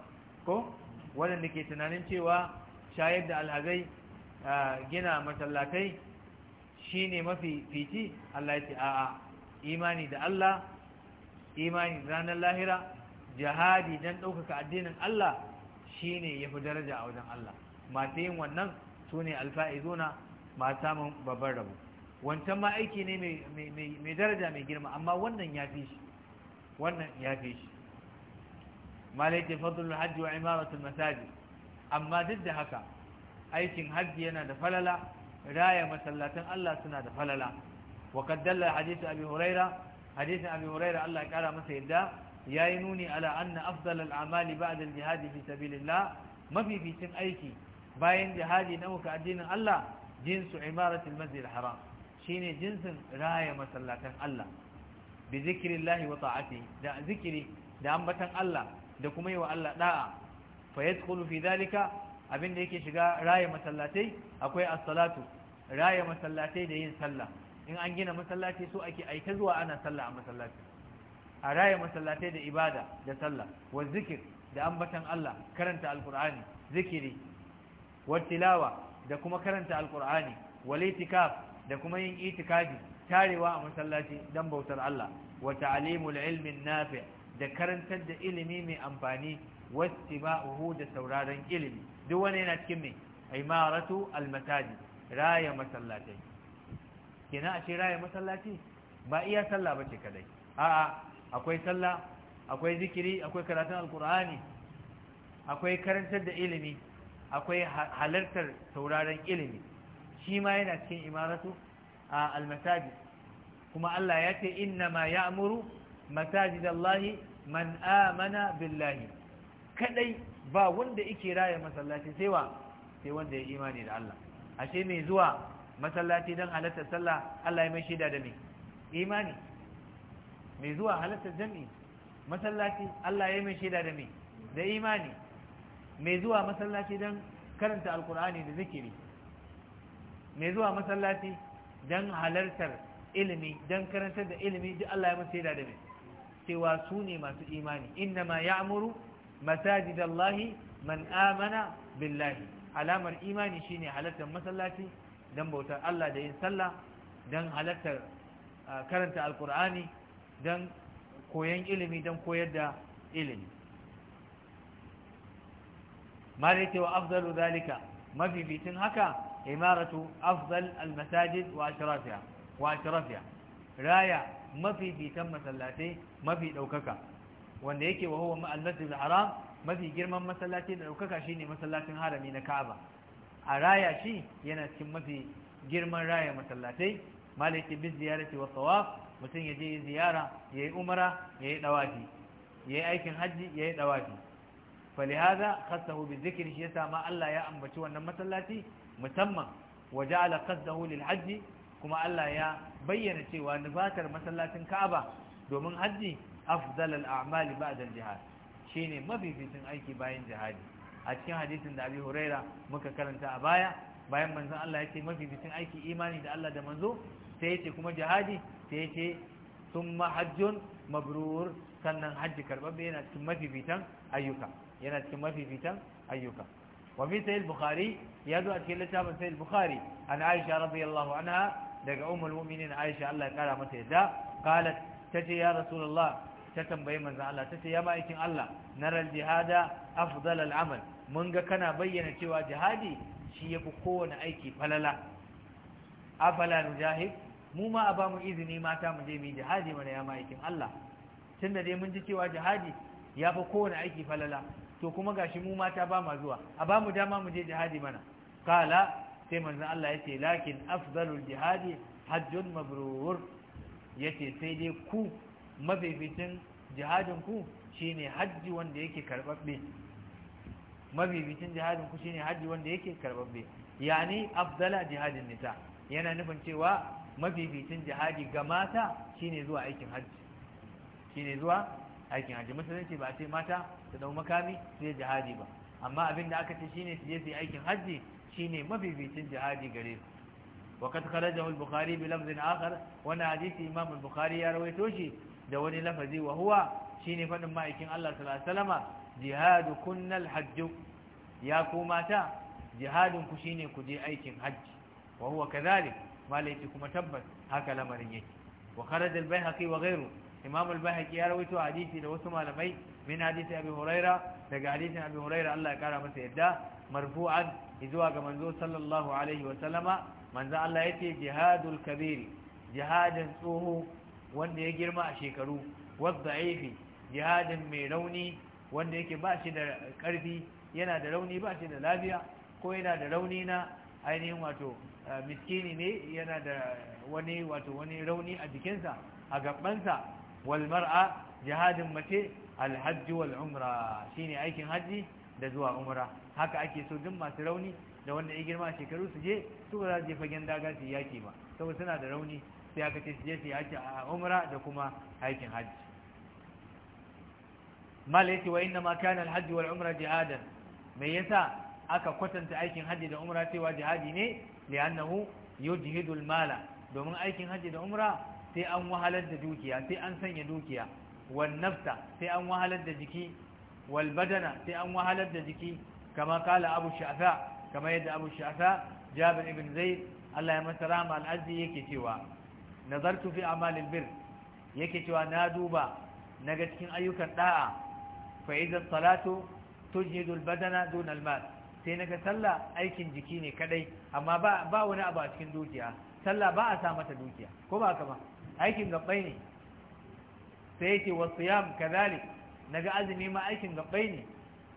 ko waɗanda ke tunanin cewa shayar da alhazai gina masallatai shi ne mafi fiti Allah ya ce a'a imani da Allah imani ranar lahira jihadi don ɗaukaka addinin Allah shi ne ya fi daraja a wajen Allah masu yin wannan su ne alfa'izuna masu samun babban rabo wancan ma aiki ne mai daraja mai girma amma wannan ya fi shi wannan ya fi shi malai ce fadlul hajji wa imaratul masajid amma duk da haka aikin hajji yana da falala raya masallatan Allah suna da falala wa kaddalla hadithu abi huraira hadithin abi huraira Allah ya kara masa yadda yayi nuni ala anna afdal amali ba'da al-jihad fi sabilillah mafificin aiki bayan jihadi na muka addinin Allah jinsu imaratul masjid haram shine jinsin raya masallatan Allah bi zikrillah wa ta'ati da zikiri da ambatan Allah da kuma yi wa Allah da'a fa yadkhulu fi dhalika abinda yake shiga raya masallatai akwai as-salatu raya masallatai da yin sallah in an gina masallaci so ake aika zuwa ana sallah a masallaci a raya masallatai da ibada da sallah wa zikir da ambatan Allah karanta alqur'ani zikiri wa tilawa da kuma karanta alqur'ani wal itikaf da kuma yin itikafi tarewa a masallaci dan bautar Allah wa ta'limul ilmin nafi da karantar da ilimi mai amfani wattiba'uhu da sauraron ilimi duk wani yana cikin mai imaratu almasajid raya masallatai kina a ce raya masallaci ba iya sallah ba ce kadai a'a akwai sallah akwai zikiri akwai karatun Alkur'ani, akwai karantar da ilimi akwai halartar sauraron ilimi shi ma yana cikin imaratu a almasajid kuma Allah ya ce inna ma ya ya'muru masajidallahi man amana billahi kadai ba wanda ike raya masallaci sai wa sai wanda ya imani da Allah ashe mai zuwa masallaci don halartar sallah Allah ya mai shida da mai imani mai zuwa halartar jami'i masallaci Allah ya mai shida da mai da imani mai zuwa masallaci don karanta alkur'ani da zikiri mai zuwa masallaci don halartar ilimi don karantar da ilimi duk Allah ya masa da mai cewa su ne masu imani inna ma ya'muru masajidallahi man amana billahi alamar imani shine halartar masallaci don bautar Allah da yin sallah don halartar karanta alkur'ani don koyon ilimi don koyar da ilimi ma da yake wa afdalu zalika bitin haka imaratu afdal almasajid wa ashrafiha wa raya mafi fitan masallatai mafi daukaka wanda yake wa huwa al al-haram mafi girman masallaci da ɗaukaka shine masallacin harami na Ka'aba a raya shi yana cikin mafi girman raya masallatai malaki bi ziyarati wa tawaf mutum ya je ziyara yayi umara yayi dawafi yayi aikin hajji, yayi dawafi falihaza khassahu bi dhikri shi yasa ma Allah ya ambaci wannan masallaci musamman waje da hulil hajji kuma Allah ya bayyana cewa nufatar masallacin Ka'aba domin hajji afdalal a'mali ba'da jihad shine mafificin aiki bayan jihadi a cikin hadisin da Abi Huraira muka karanta a baya bayan manzon Allah ce mafificin aiki imani da Allah da manzo sai yace kuma jihadi sai yace sun hajjun mabrur sannan hajji karɓar, yana cikin mafificin ayyuka yana cikin mafificin ayyuka وفي سيد البخاري يدو أتكلم لتابا سيد البخاري عن عائشة رضي الله عنها دقى أم المؤمنين عائشة الله قال متى قالت تجي يا رسول الله ta tambayi manzan Allah ta ce ya ma'aikin Allah na jihada afdal al'amal mun ga kana bayyana cewa jihadi shi ya fi kowane aiki falala mu ma a ba mu izini mata mu je mu jihadi mana ya ma'aikin Allah tunda dai mun ji cewa jihadi ya fi kowane aiki falala to kuma gashi mu mata ba ma zuwa a ba mu dama mu je jihadi mana kala sai manzon Allah yace lakin afdalul jihadi hajjun mabrur yace sai dai ku mafificin jihadin ku shine hajji wanda yake karbabbe mafificin jihadin ku shine hajji wanda yake karbabbe yani afdala jihadin nisa yana nufin cewa mafificin jihadi ga mata shine zuwa aikin hajji shine zuwa aikin hajji musulunci ba ce mata su dau makami su yi jihadi ba amma abin da aka ce shine su je su yi aikin hajji shine mafificin jihadi gare su وقد خرجه البخاري بلفظ آخر وانا حديث إمام البخاري يرويتوشي دوني لفظي وهو شيني فنم مائكين الله صلى الله عليه وسلم جهاد كنا الحج ياكو ماتا جهاد كشيني كجي أيكين حج وهو كذلك ما ليتكم تبت هكا لمريك وخرج البيهقي وغيره imam al-bahaqi ya rawaito hadisi da wasu malamai min hadisi abi huraira daga hadisin abi huraira Allah ya kara masa yadda marfu'an zuwa ga manzo sallallahu alaihi wa sallama manzo Allah yace jihadul kabiri jihadin tsoho wanda ya girma a shekaru wadda'if jihadin mai rauni wanda yake ba shi da karfi yana da rauni ba shi da lafiya ko yana da rauni na ainihin wato eh, miskini ne yana da wani wato wani rauni a jikinsa a gabansa walmar'a jihadin mace alhajji wal shine aikin hajji da zuwa umra haka ake so duk masu rauni da wanda ya girma shekaru su je su za su je fagen daga su yaki ba saboda suna da rauni sai aka ce su je su yaki a umra da kuma aikin hajji mal yace wa inna ma kana alhajji wal umra jihadan me yasa aka kwatanta aikin hajji da umra cewa jihadi ne li'annahu yujhidu mala, domin aikin hajji da umra sai an wahalar da dukiya sai an sanya dukiya wal nafsa sai an wahalar da jiki wal badana sai an wahalar da jiki kama kala abu sha'sa kama yadda abu sha'sa jabir ibn zaid Allah ya masa rahama al'azzi yake cewa nazartu fi amalil bir yake cewa na duba naga cikin ayyukan da'a fa idza salatu tujhidu al badana dun al mal sai naga sallah aikin jiki ne kadai amma ba ba wani abu a cikin dukiya sallah ba a sa mata dukiya ko ba haka ba aikin gabbai ne sai yake wasu yam kazalik naga azumi ma aikin gabbai ne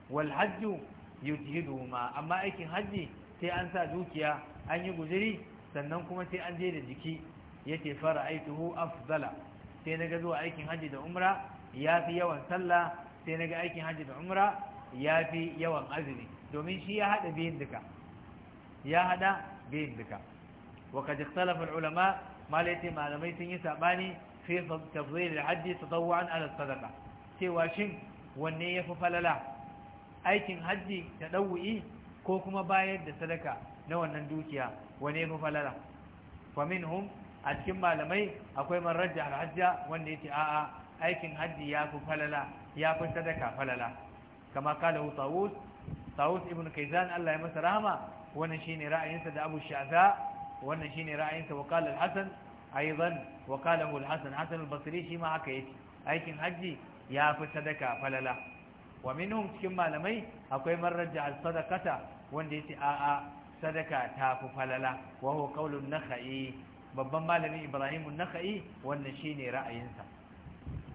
wal hajju yujhidu ma amma aikin hajji sai an sa dukiya an yi gujiri sannan kuma sai an je da jiki yake fara aituhu afdala sai ga zuwa aikin hajji da umra fi yawan sallah sai ga aikin hajji da umra fi yawan azumi domin shi ya hada biyun duka ya hada biyun duka وقد اختلف العلماء malaiti malamai sun yi saɓani fi tafzir al-hajji tatawwan ala sadaqa cewa shin wanne yafi falala aikin hajji ta dawu'i ko kuma bayar da sadaka na wannan dukiya wanne yafi falala fa minhum a cikin malamai akwai man rajja al-hajja wanda yace a'a aikin hajji yafi falala yafi sadaka falala kama kala tawus tawus ibn kaizan Allah ya masa rahama wannan shine ra'ayinsa da Abu Shaza wannan shine ra'ayinsa wa qala al-hasan aidan wa qalahu al-hasan hasan al-basri shi ma haka yake aikin haji ya fi sadaka falala wa minhum cikin malamai akwai man rajja sadakata wanda yace a a sadaka ta fi falala wa huwa qaulun nakhai babban malami ibrahim an-nakhai wannan shine ra'ayinsa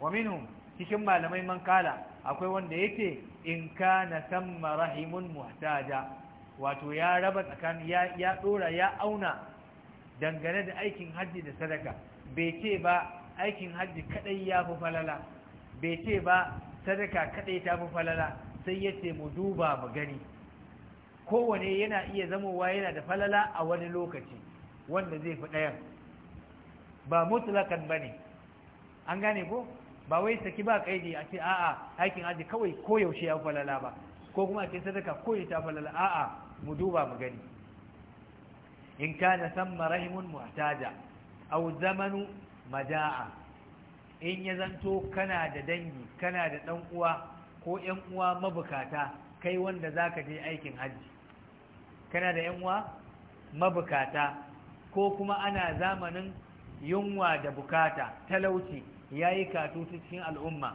wa minhum cikin malamai man kala akwai wanda yace in kana samma rahimun muhtaja wato ya raba tsakanin ya ya dora ya auna dangane da aikin hajji da sadaka bai ce ba aikin hajji kadai ya fi falala bai ce ba sadaka kadai ta fi falala sai ya ce mu duba mu gani kowane yana iya zamowa yana da falala a wani lokaci wanda zai fi ɗayan ba mutlakan ba ne an gane ko ba wai saki ba kaidi a ce a'a aikin hajji kawai koyaushe ya falala ba ko kuma a ce sadaka koyaushe ta falala a'a mu duba mu gani in kana san rahimun mutada aw zamanu maja'a in ya zanto kana da dangi kana da dan uwa ko yan uwa mabukata kai wanda zaka je aikin hajji kana da yan uwa mabukata ko kuma ana zamanin yunwa da bukata talauci yayi katutu cikin al'umma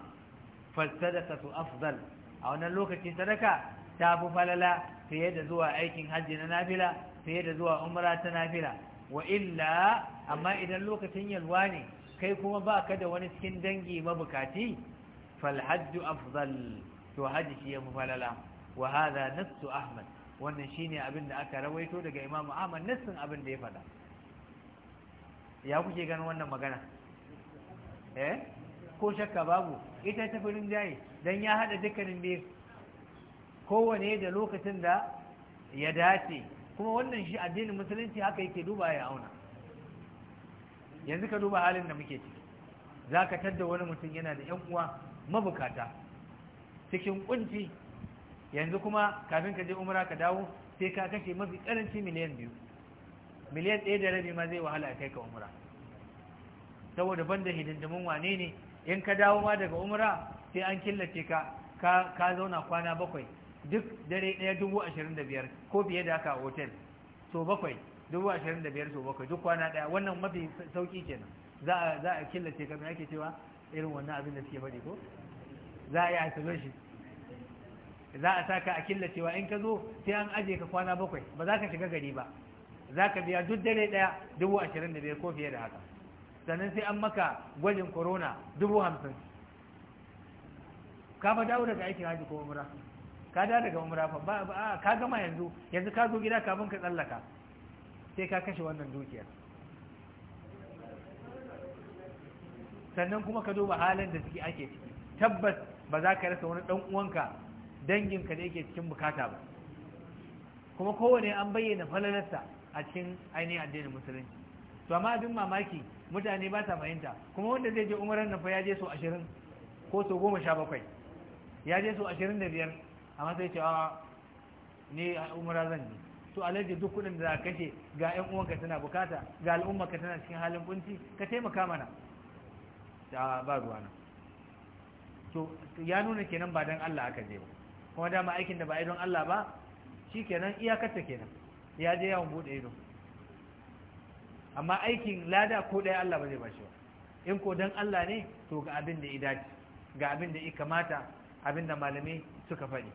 fasadaqatu afdal a wannan lokaci sadaka ta fi falala fiye da zuwa aikin hajji na nafila fiye da zuwa umra ta nafila wa illa amma idan lokacin yalwa ne kai kuma ba ka da wani cikin dangi mabukati falhajju afzal to hajji shi ya fi wa hada nassu ahmad wannan shine abin da aka rawaito daga imam ahmad nassin abin da ya faɗa ya kuke ganin wannan magana eh ko shakka babu ita ta firin jaye dan ya haɗa dukkanin biyu kowane da lokacin da ya dace kuma wannan shi addinin musulunci haka yake duba ya auna yanzu ka duba halin da muke ciki za ka tadda wani mutum yana da yan uwa mabukata cikin kunci yanzu kuma kafin ka je umra ka dawo sai ka kashe mafi karanci miliyan biyu miliyan ɗaya da rabi ma zai wahala a kai ka umra saboda banda hidindimin wane ne in ka dawo ma daga umra sai an killace ka ka zauna kwana bakwai duk dare ɗaya dubu ashirin da biyar ko fiye da haka a hotel so bakwai dubu ashirin da biyar so bakwai duk kwana ɗaya wannan mafi sauƙi kenan za a za a killace kamar ake cewa irin wannan abin da suke faɗi ko za a yi isolation za a saka a killacewa in ka zo sai an aje ka kwana bakwai ba za ka shiga gari ba za ka biya duk dare ɗaya dubu ashirin da biyar ko fiye da haka sannan sai an maka gwajin corona dubu hamsin ka fa dawo daga aikin haji ko umra ka da daga umra fa ba a ka gama yanzu yanzu ka zo gida kafin ka tsallaka sai ka kashe wannan dukiyar sannan kuma ka duba halin da suke ake ciki tabbas ba za ka rasa wani dan uwanka dangin ka da yake cikin bukata ba kuma kowane an bayyana falalarsa a cikin ainihin addinin musulunci to amma abin mamaki mutane ba sa fahimta kuma wanda zai je umarar nan fa ya je so ashirin ko so goma sha bakwai ya je so ashirin da biyar amma sai ce a ne umara zan yi to alaji duk kudin da za kashe ga yan uwanka tana bukata ga ka tana cikin halin kunci ka taimaka mana ta ba ruwa na to ya nuna kenan ba dan Allah aka je ba kuma dama aikin da ba ai don Allah ba shi kenan iyakarta kenan ya je yawon bude ido amma aikin lada ko ɗaya Allah ba zai shi ba in ko dan Allah ne to ga abin da ya dace ga abin da ya kamata abin da malamai suka faɗi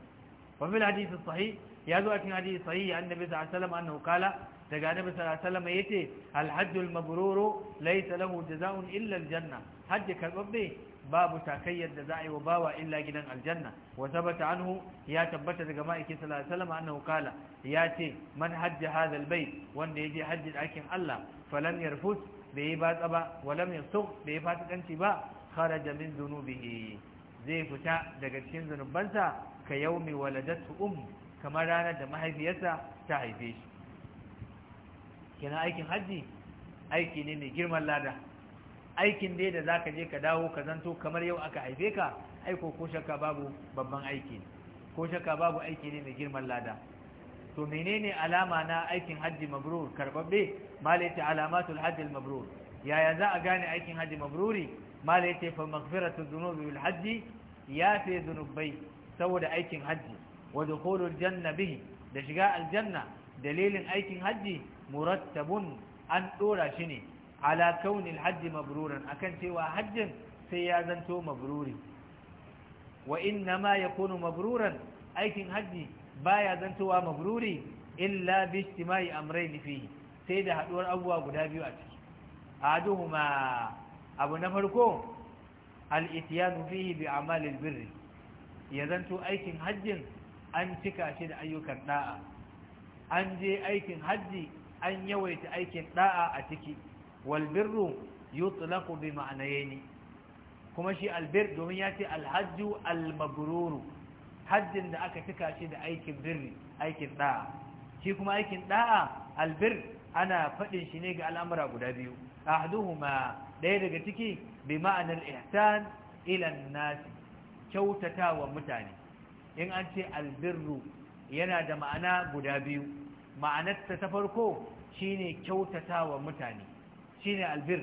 وفي الحديث الصحيح يذو أكن حديث صحيح عن النبي صلى الله عليه وسلم أنه قال daga annabi sallallahu alaihi wasallam yace alhajjul mabruru laysa lahu jazaa'un illa aljanna hajj karbabbe babu takayyar da za a yi wa bawa illa gidan aljanna wa sabata anhu ya tabbata daga ma'aikin sallallahu alaihi wasallam ya ce Manhajja hajja hadha wanda ya je hajji dakin Allah falam yarfus bai ba tsaba walam yasuk bai fasikanci ba kharaja min dunubihi zai fita daga cikin zanubansa ka yaumi waladatu um kamar ranar da mahaifiyarsa ta haife shi kina aikin hajji aiki ne mai girman lada aikin dai da za ka je ka dawo ka zanto kamar yau aka haife ka aiko ko shakka babu babban aiki ko shakka babu aiki ne mai girman lada to menene alama na aikin hajji mabrur karbabbe malaita alamatul hajji mabrur yaya za a gane aikin hajji mabruri malaita fa maghfiratu dhunubi wal hajji ya fi dhunubai saboda aikin hajji wa dukhulul janna bihi da shiga aljanna dalilin aikin hajji murattabun an dora shi ne ala kaunil hajji mabruran akan cewa hajjin sai ya zanto mabruri wa inna ma kunu mabururan aikin hajji baya zantowa mabruri illa bi ijtimai amrayn nufi? sai da haduwar abubuwa guda biyu a ciki ma abu na farko al-ityanu fihi bi a'malil birri ya zanto aikin hajjin an cika shi da ayyukan da'a an je aikin hajji an yawaita aikin da'a a ciki walbirru yutlaqu bi ma'anayni kuma shi albir domin ya ce alhajju almabruru hajjin da aka cika shi da aikin birri aikin da'a shi kuma aikin da'a albir ana faɗin shi ne ga al'amura guda biyu ahduhuma ɗaya daga ciki bi ma'anar ihsan ila nasi kyautatawa mutane in an ce albirru yana da ma'ana guda biyu ma'anarsa ta farko shine kyautatawa mutane shine albir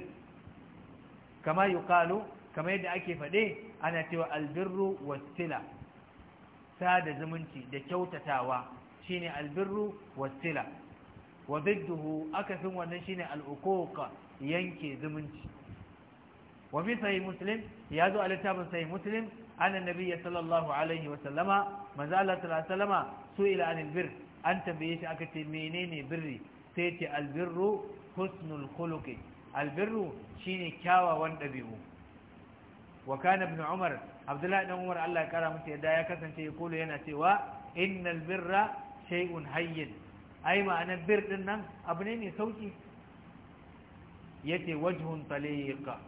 kama yuqalu kama yadda ake faɗe ana cewa albirru wasila sada zumunci da kyautatawa shine albirru wasila wa bidduhu akasin wannan shine al'uquqa yanke zumunci wa fi sahih muslim ya zo a littafin sahih muslim an annabi sallallahu alaihi wa sallama manzo sallallahu alaihi wa sallama anil birr an tambaye shi aka ce menene birri sai ce albirru husnul khuluqi albirru shine kyawawan dabi'u wa kana ibn umar abdullahi dan umar Allah ya kara masa ya kasance ya kula yana cewa innal birra shay'un hayyin ai ma'ana bir din nan abu ne mai sauki yace wajhun taliqa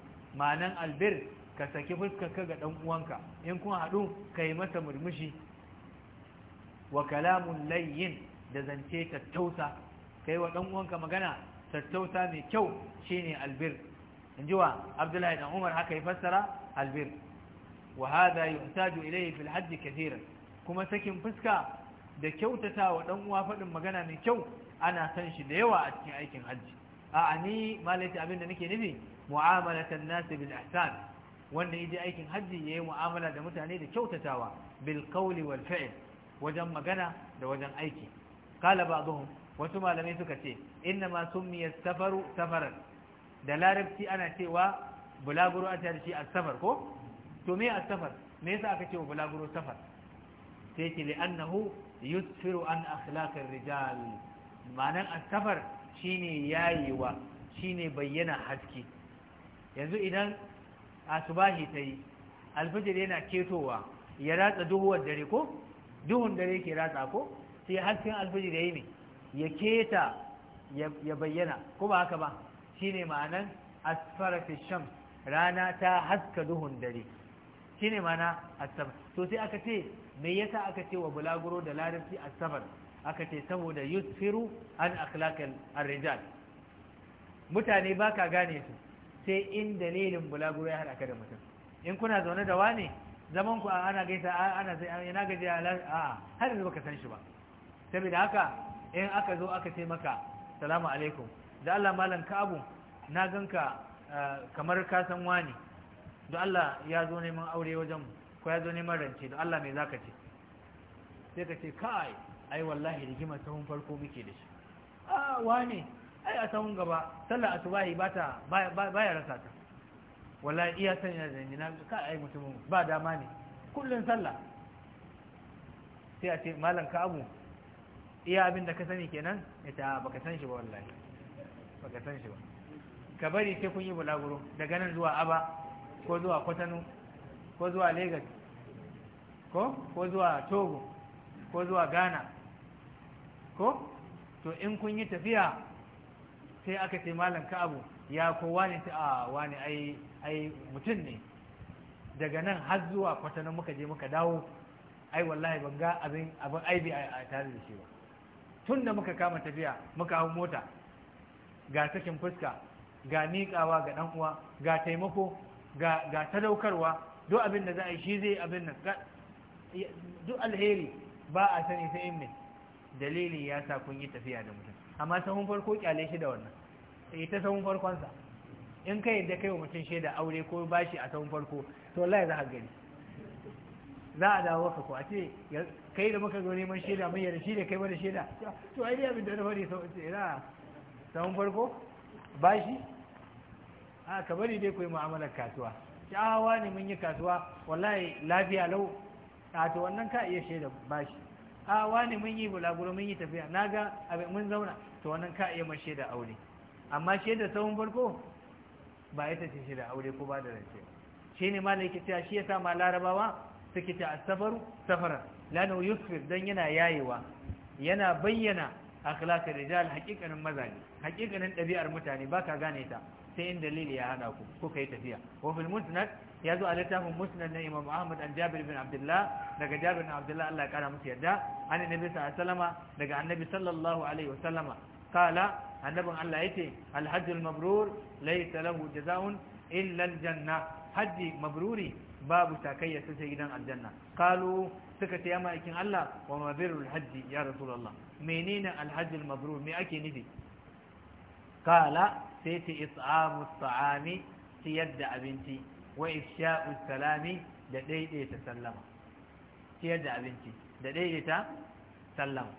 ma'anan albir ka saki fuskarka ga dan uwanka in kun haɗu kai masa murmushi wa kalamun layyin da zance tattausa kai wa dan uwanka magana tattausa mai kyau shine albir Injiwa abdullahi dan umar haka ya fassara albir wa hada yuhtaju ilayhi fil hajj kathiran kuma sakin fuska da kyautata wa dan uwa faɗin magana mai kyau ana san shi da yawa a cikin aikin hajji a ani malati abin da nake nufi mu'amalatan nas bil ihsan wanda ya je aikin hajji ya yi mu'amala da mutane da kyautatawa bilkauli qawli wal wajen magana da wajen aiki ba ba'dhum wasu malamai suka ce inna ma miyar safaru safarar da larabci ana cewa bulaguro a tare shi as-safar ko to me as-safar me yasa aka cewa bulaguro safar sai ce li'annahu yusfiru an akhlaqir rijal ma'anan as-safar shine yayewa shine bayyana haske yanzu idan asubahi ta yi alfijir yana ketowa ya ratsa duhuwar dare ko duhun dare ke ratsa ko sai hasken alfijir ya yi ne ya keta ya bayyana ko ba haka ba shine ma'anan asfara fi rana ta haska duhun dare shine ma'ana asabar to sai aka ce me yasa aka ce wa bulaguro da larabci asabar aka ce saboda yusfiru an akhlaqal arrijal mutane ba ka gane su sai in dalilin bulagu ya haɗa ka da mutum in kuna zaune da wani zaman ku ana gaisa ana sai ina gaji a har yanzu baka san shi ba saboda haka in aka zo aka ce maka salamu alaikum da Allah malam ka abu na ganka kamar ka san wani don Allah ya zo neman aure wajen mu ko ya zo neman rance da Allah me zaka ce sai ka ce kai ai wallahi rigima ta farko muke da shi a wani. ai a sahun gaba sallar asubahi ba ta baya rasa ta wala iya sanya zanyi na ka ai mutumin ba dama ne kullun sallah sai a ce malam ka abu iya abin da ka sani kenan ya ta ah, baka san shi ba wallahi baka san shi ba ka bari sai kun yi bulaguro daga nan zuwa aba ko zuwa kwatano ko zuwa lagos ko ko zuwa togo ko zuwa ghana ko to in kun yi tafiya sai aka ce malam ka abu ya ko wani ta a wani ai mutum ne daga nan har zuwa kwatanan muka je muka dawo ai wallahi ban ga abin abin aibi a tare da shi ba tun da muka kama tafiya muka hau mota ga sakin fuska ga miƙawa ga dan uwa ga taimako ga ga sadaukarwa duk abin da za a yi shi zai abin nan duk alheri ba a sani sai in dalili ya sa kun yi tafiya da mutum amma sahun farko kyale shi da wannan sai eh, ta sahun farkonsa in ka yadda kai wa mutum shaida aure ko bashi a sahun farko to wallahi za a gani za a dawo ka ko a ce kai da muka zo neman shaida mun yarda shi da kai mana shaida to ai dai abin da na fari sau ce sahun farko bashi a ka bari dai koyi mu'amalar kasuwa sha'awa ne mun yi kasuwa wallahi lafiya lau a to wannan ka iya shaida bashi a wani mun yi bulaguro mun yi tafiya na ga abin mun zauna to wannan ka iya mashe da aure amma da tsawon farko ba ita ce shi da aure ko ba da rance shi ne malai ke cewa shi yasa ma larabawa suke ta safaru safara lanu yusfir dan yana yayewa yana bayyana akhlaq rijal haqiqanin mazaje haqiqanin ɗabi'ar mutane ba ka gane ta sai in dalili ya hada ku ko kai tafiya wa fil musnad ya zo a littafin musnad na imam ahmad an jabir bin abdullah daga jabir bin abdullah Allah ya kara musu yadda. an annabi sallallahu alaihi daga annabi sallallahu alaihi wasallama kala annabin Allah ya ce alhajjul mabrur laysa lahu jazaa'un illa aljanna haji mabruri babu takayya sai gidan aljanna kalu suka ce yama ikin Allah wa mabirul hajji ya rasulullah menene alhajjul mabrur me ake nufi kala sai ce is'amu sa'ami siyar da abinci wa ifsha'u salami da daidaita sallama ciyar da abinci da daidaita sallama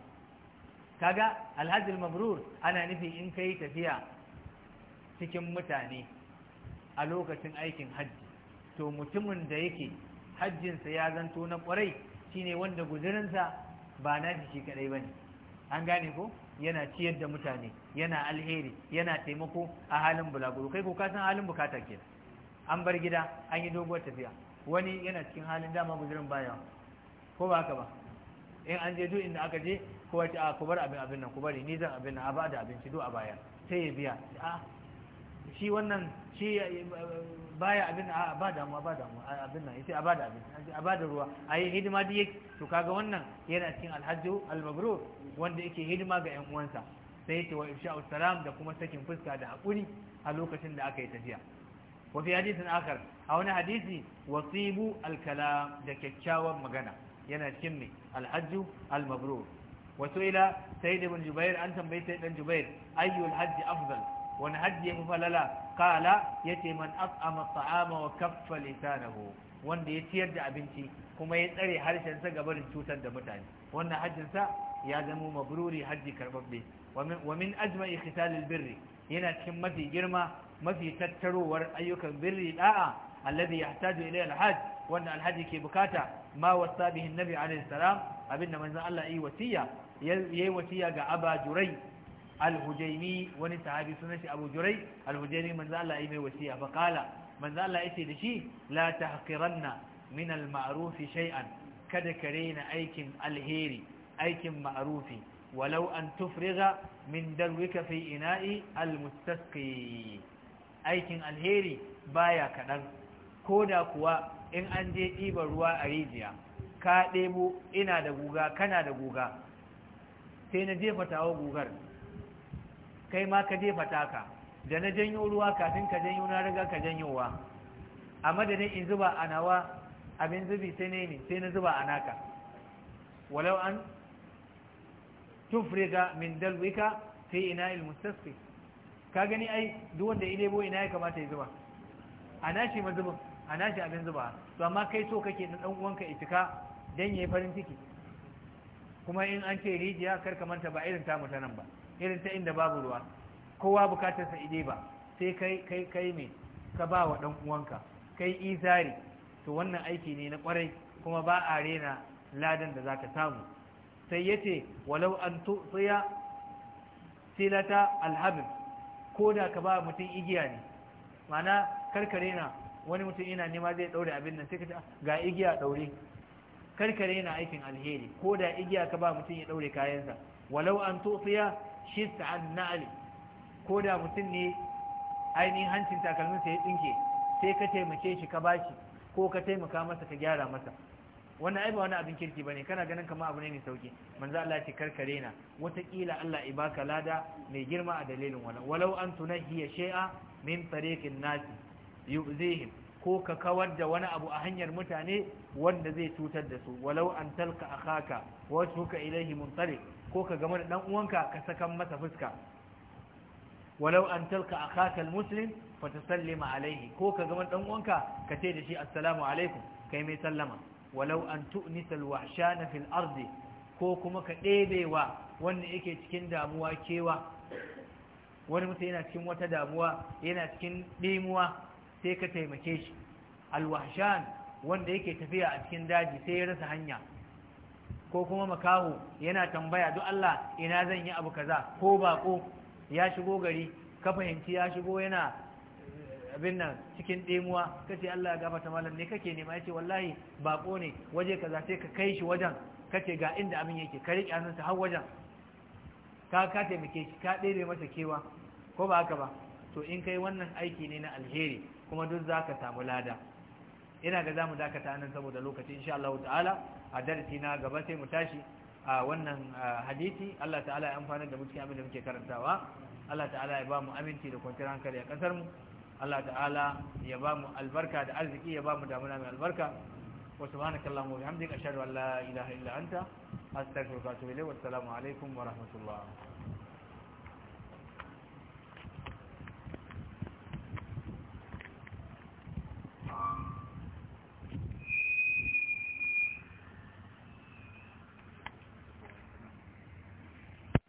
kaga alhaji mabrur ana nufi in kai tafiya cikin mutane a lokacin aikin hajji to mutumin da yake hajjinsa ya zanto na kwarai shine wanda guzurinsa ba na shi kadai bane an gane ko yana ciyar da mutane yana alheri yana taimako a halin bulaguro kai ko ka san halin bukata kenan an bar gida an yi doguwar tafiya wani yana cikin halin dama guzurin baya ko ba haka ba in an je duk inda aka je ko wace a ah, kubar abin abin nan ku bari ni zan abin nan a ba da abinci do a baya sai ya biya a shi wannan shi eh, baya abin a ba damuwa ba damuwa abin nan yace a ba da abin a ba da ruwa a yi hidima da yake to kaga wannan yana cikin alhaji almabru wanda yake hidima ga yan uwansa sai yace wa ifsha'u salam da kuma sakin fuska da hakuri a lokacin da aka yi tafiya wa fi hadisin akar a wani hadisi wasibu alkala da kyakkyawan magana yana cikin mai alhajju almabrur wato ila sayyid ibn jubair an tambayi sayyid dan jubair ayyul hajji afdal wani hajji yafi falala kala yace man at'ama at'ama wa kaffa lisanahu wanda ya ciyar da abinci kuma ya tsare harshen sa gabarin cutar da mutane wannan hajjin ya zama mabruri hajji karbabbe wa min ajma'i qitalil birri yana cikin mafi girma mafi tattarowar ayyukan birri da'a alladhi yahtaju ilayhi alhajj wanda alhaji ke bukata ma wasa bihi annabi alayhi salam abinda manzon Allah yi wasiya yayi wasiya ga Aba Jurai al wani sahabi sunan shi Abu Jurai al-Hujaimi manzon Allah yi mai wasiya fa kala manzon Allah yace da shi la tahqiranna min al-ma'ruf shay'an kada ka rena aikin alheri aikin ma'rufi walau an tufriga min darwika fi ina'i al-mustasqi aikin alheri baya kaɗan ko da kuwa in an je ɗiban ruwa a rijiya ka ɗebo ina da guga kana da guga sai na jefa tawo gugar kai ma ka jefa taka da na janyo ruwa kafin ka janyo na riga ka janyowa a madadin in zuba a nawa abin zubi sai ne ne sai na zuba a naka walau an tufriga min dalwika fi ina ilmustasfi ka gani ai duk wanda ya debo ina ya kamata ya zuba a nashi mazubin a nashi abin zuba to amma kai so kake da dan uwanka itika dan yayi farin ciki kuma in an ce rijiya kar ka manta ba irin ta nan ba irin ta inda babu ruwa kowa bukatar sa ide ba sai kai kai kai me ka ba wa dan uwanka kai izari to wannan aiki ne na kwarai kuma ba a rena ladan da zaka samu sai yace walau an tu'tiya silata alhabib ko da ka ba mutum igiya ne mana karkare na wani mutum yana nema zai daure abin nan sai ka ah, ga igiya daure karkare na aikin alheri ko da igiya ka ba mutum ya ɗaure kayansa walau an tofiya an na'ali ko da mutum ne ainihin hancin takalminsa ya tsinke sai ka taimake shi ka ba shi ko ka taimaka masa ka gyara masa wannan ai ba wani abin kirki bane kana ganin kamar abu ne mai sauki manzo Allah ce karkare na wataƙila Allah i baka lada mai girma a dalilin wannan walau an tunahiya shay'a min tariqin nasi yu'zihim ko ka kawar da wani abu a hanyar mutane wanda zai cutar da su walau an talka akhaka wa tuka muntariq ko ka game da dan uwanka ka sakan masa fuska walau an talka akhaka almuslim fatasallima alaihi ko ka game da dan uwanka ka ce da shi assalamu alaikum kai mai sallama walau an tu'nisa alwahshana fil ardi ko kuma ka ɗebewa wanda yake cikin damuwa kewa wani mutum yana cikin wata damuwa yana cikin ɗimuwa sai ka taimake shi alwahshan wanda yake tafiya a cikin daji sai ya rasa hanya ko kuma makaho yana tambaya duk Allah ina zan yi abu kaza ko bako ya shigo gari ka fahimci ya shigo yana abin nan cikin ɗemuwa kace Allah ya gafata malam ne kake nema yace wallahi bako ne waje ka zace ka kai shi wajen kace ga inda abin yake ka riƙe hannunsa har wajen ka ka taimake shi ka ɗebe masa kewa ko ba haka ba to in kai wannan aiki ne na alheri kuma duk za ka samu lada ina ga zamu dakata nan saboda lokaci insha Allah ta'ala a darasi na gaba sai mu tashi a wannan hadisi Allah ta'ala ya amfana da mu abin da muke karantawa Allah ta'ala ya ba mu aminci da kwanciyar hankali a kasar mu Allah ta'ala ya ba mu albarka da arziki ya ba mu damuna mai albarka wa subhanaka allahumma wa bihamdika ashhadu an la ilaha illa anta astaghfiruka wa atubu ilayk wa assalamu alaikum wa rahmatullah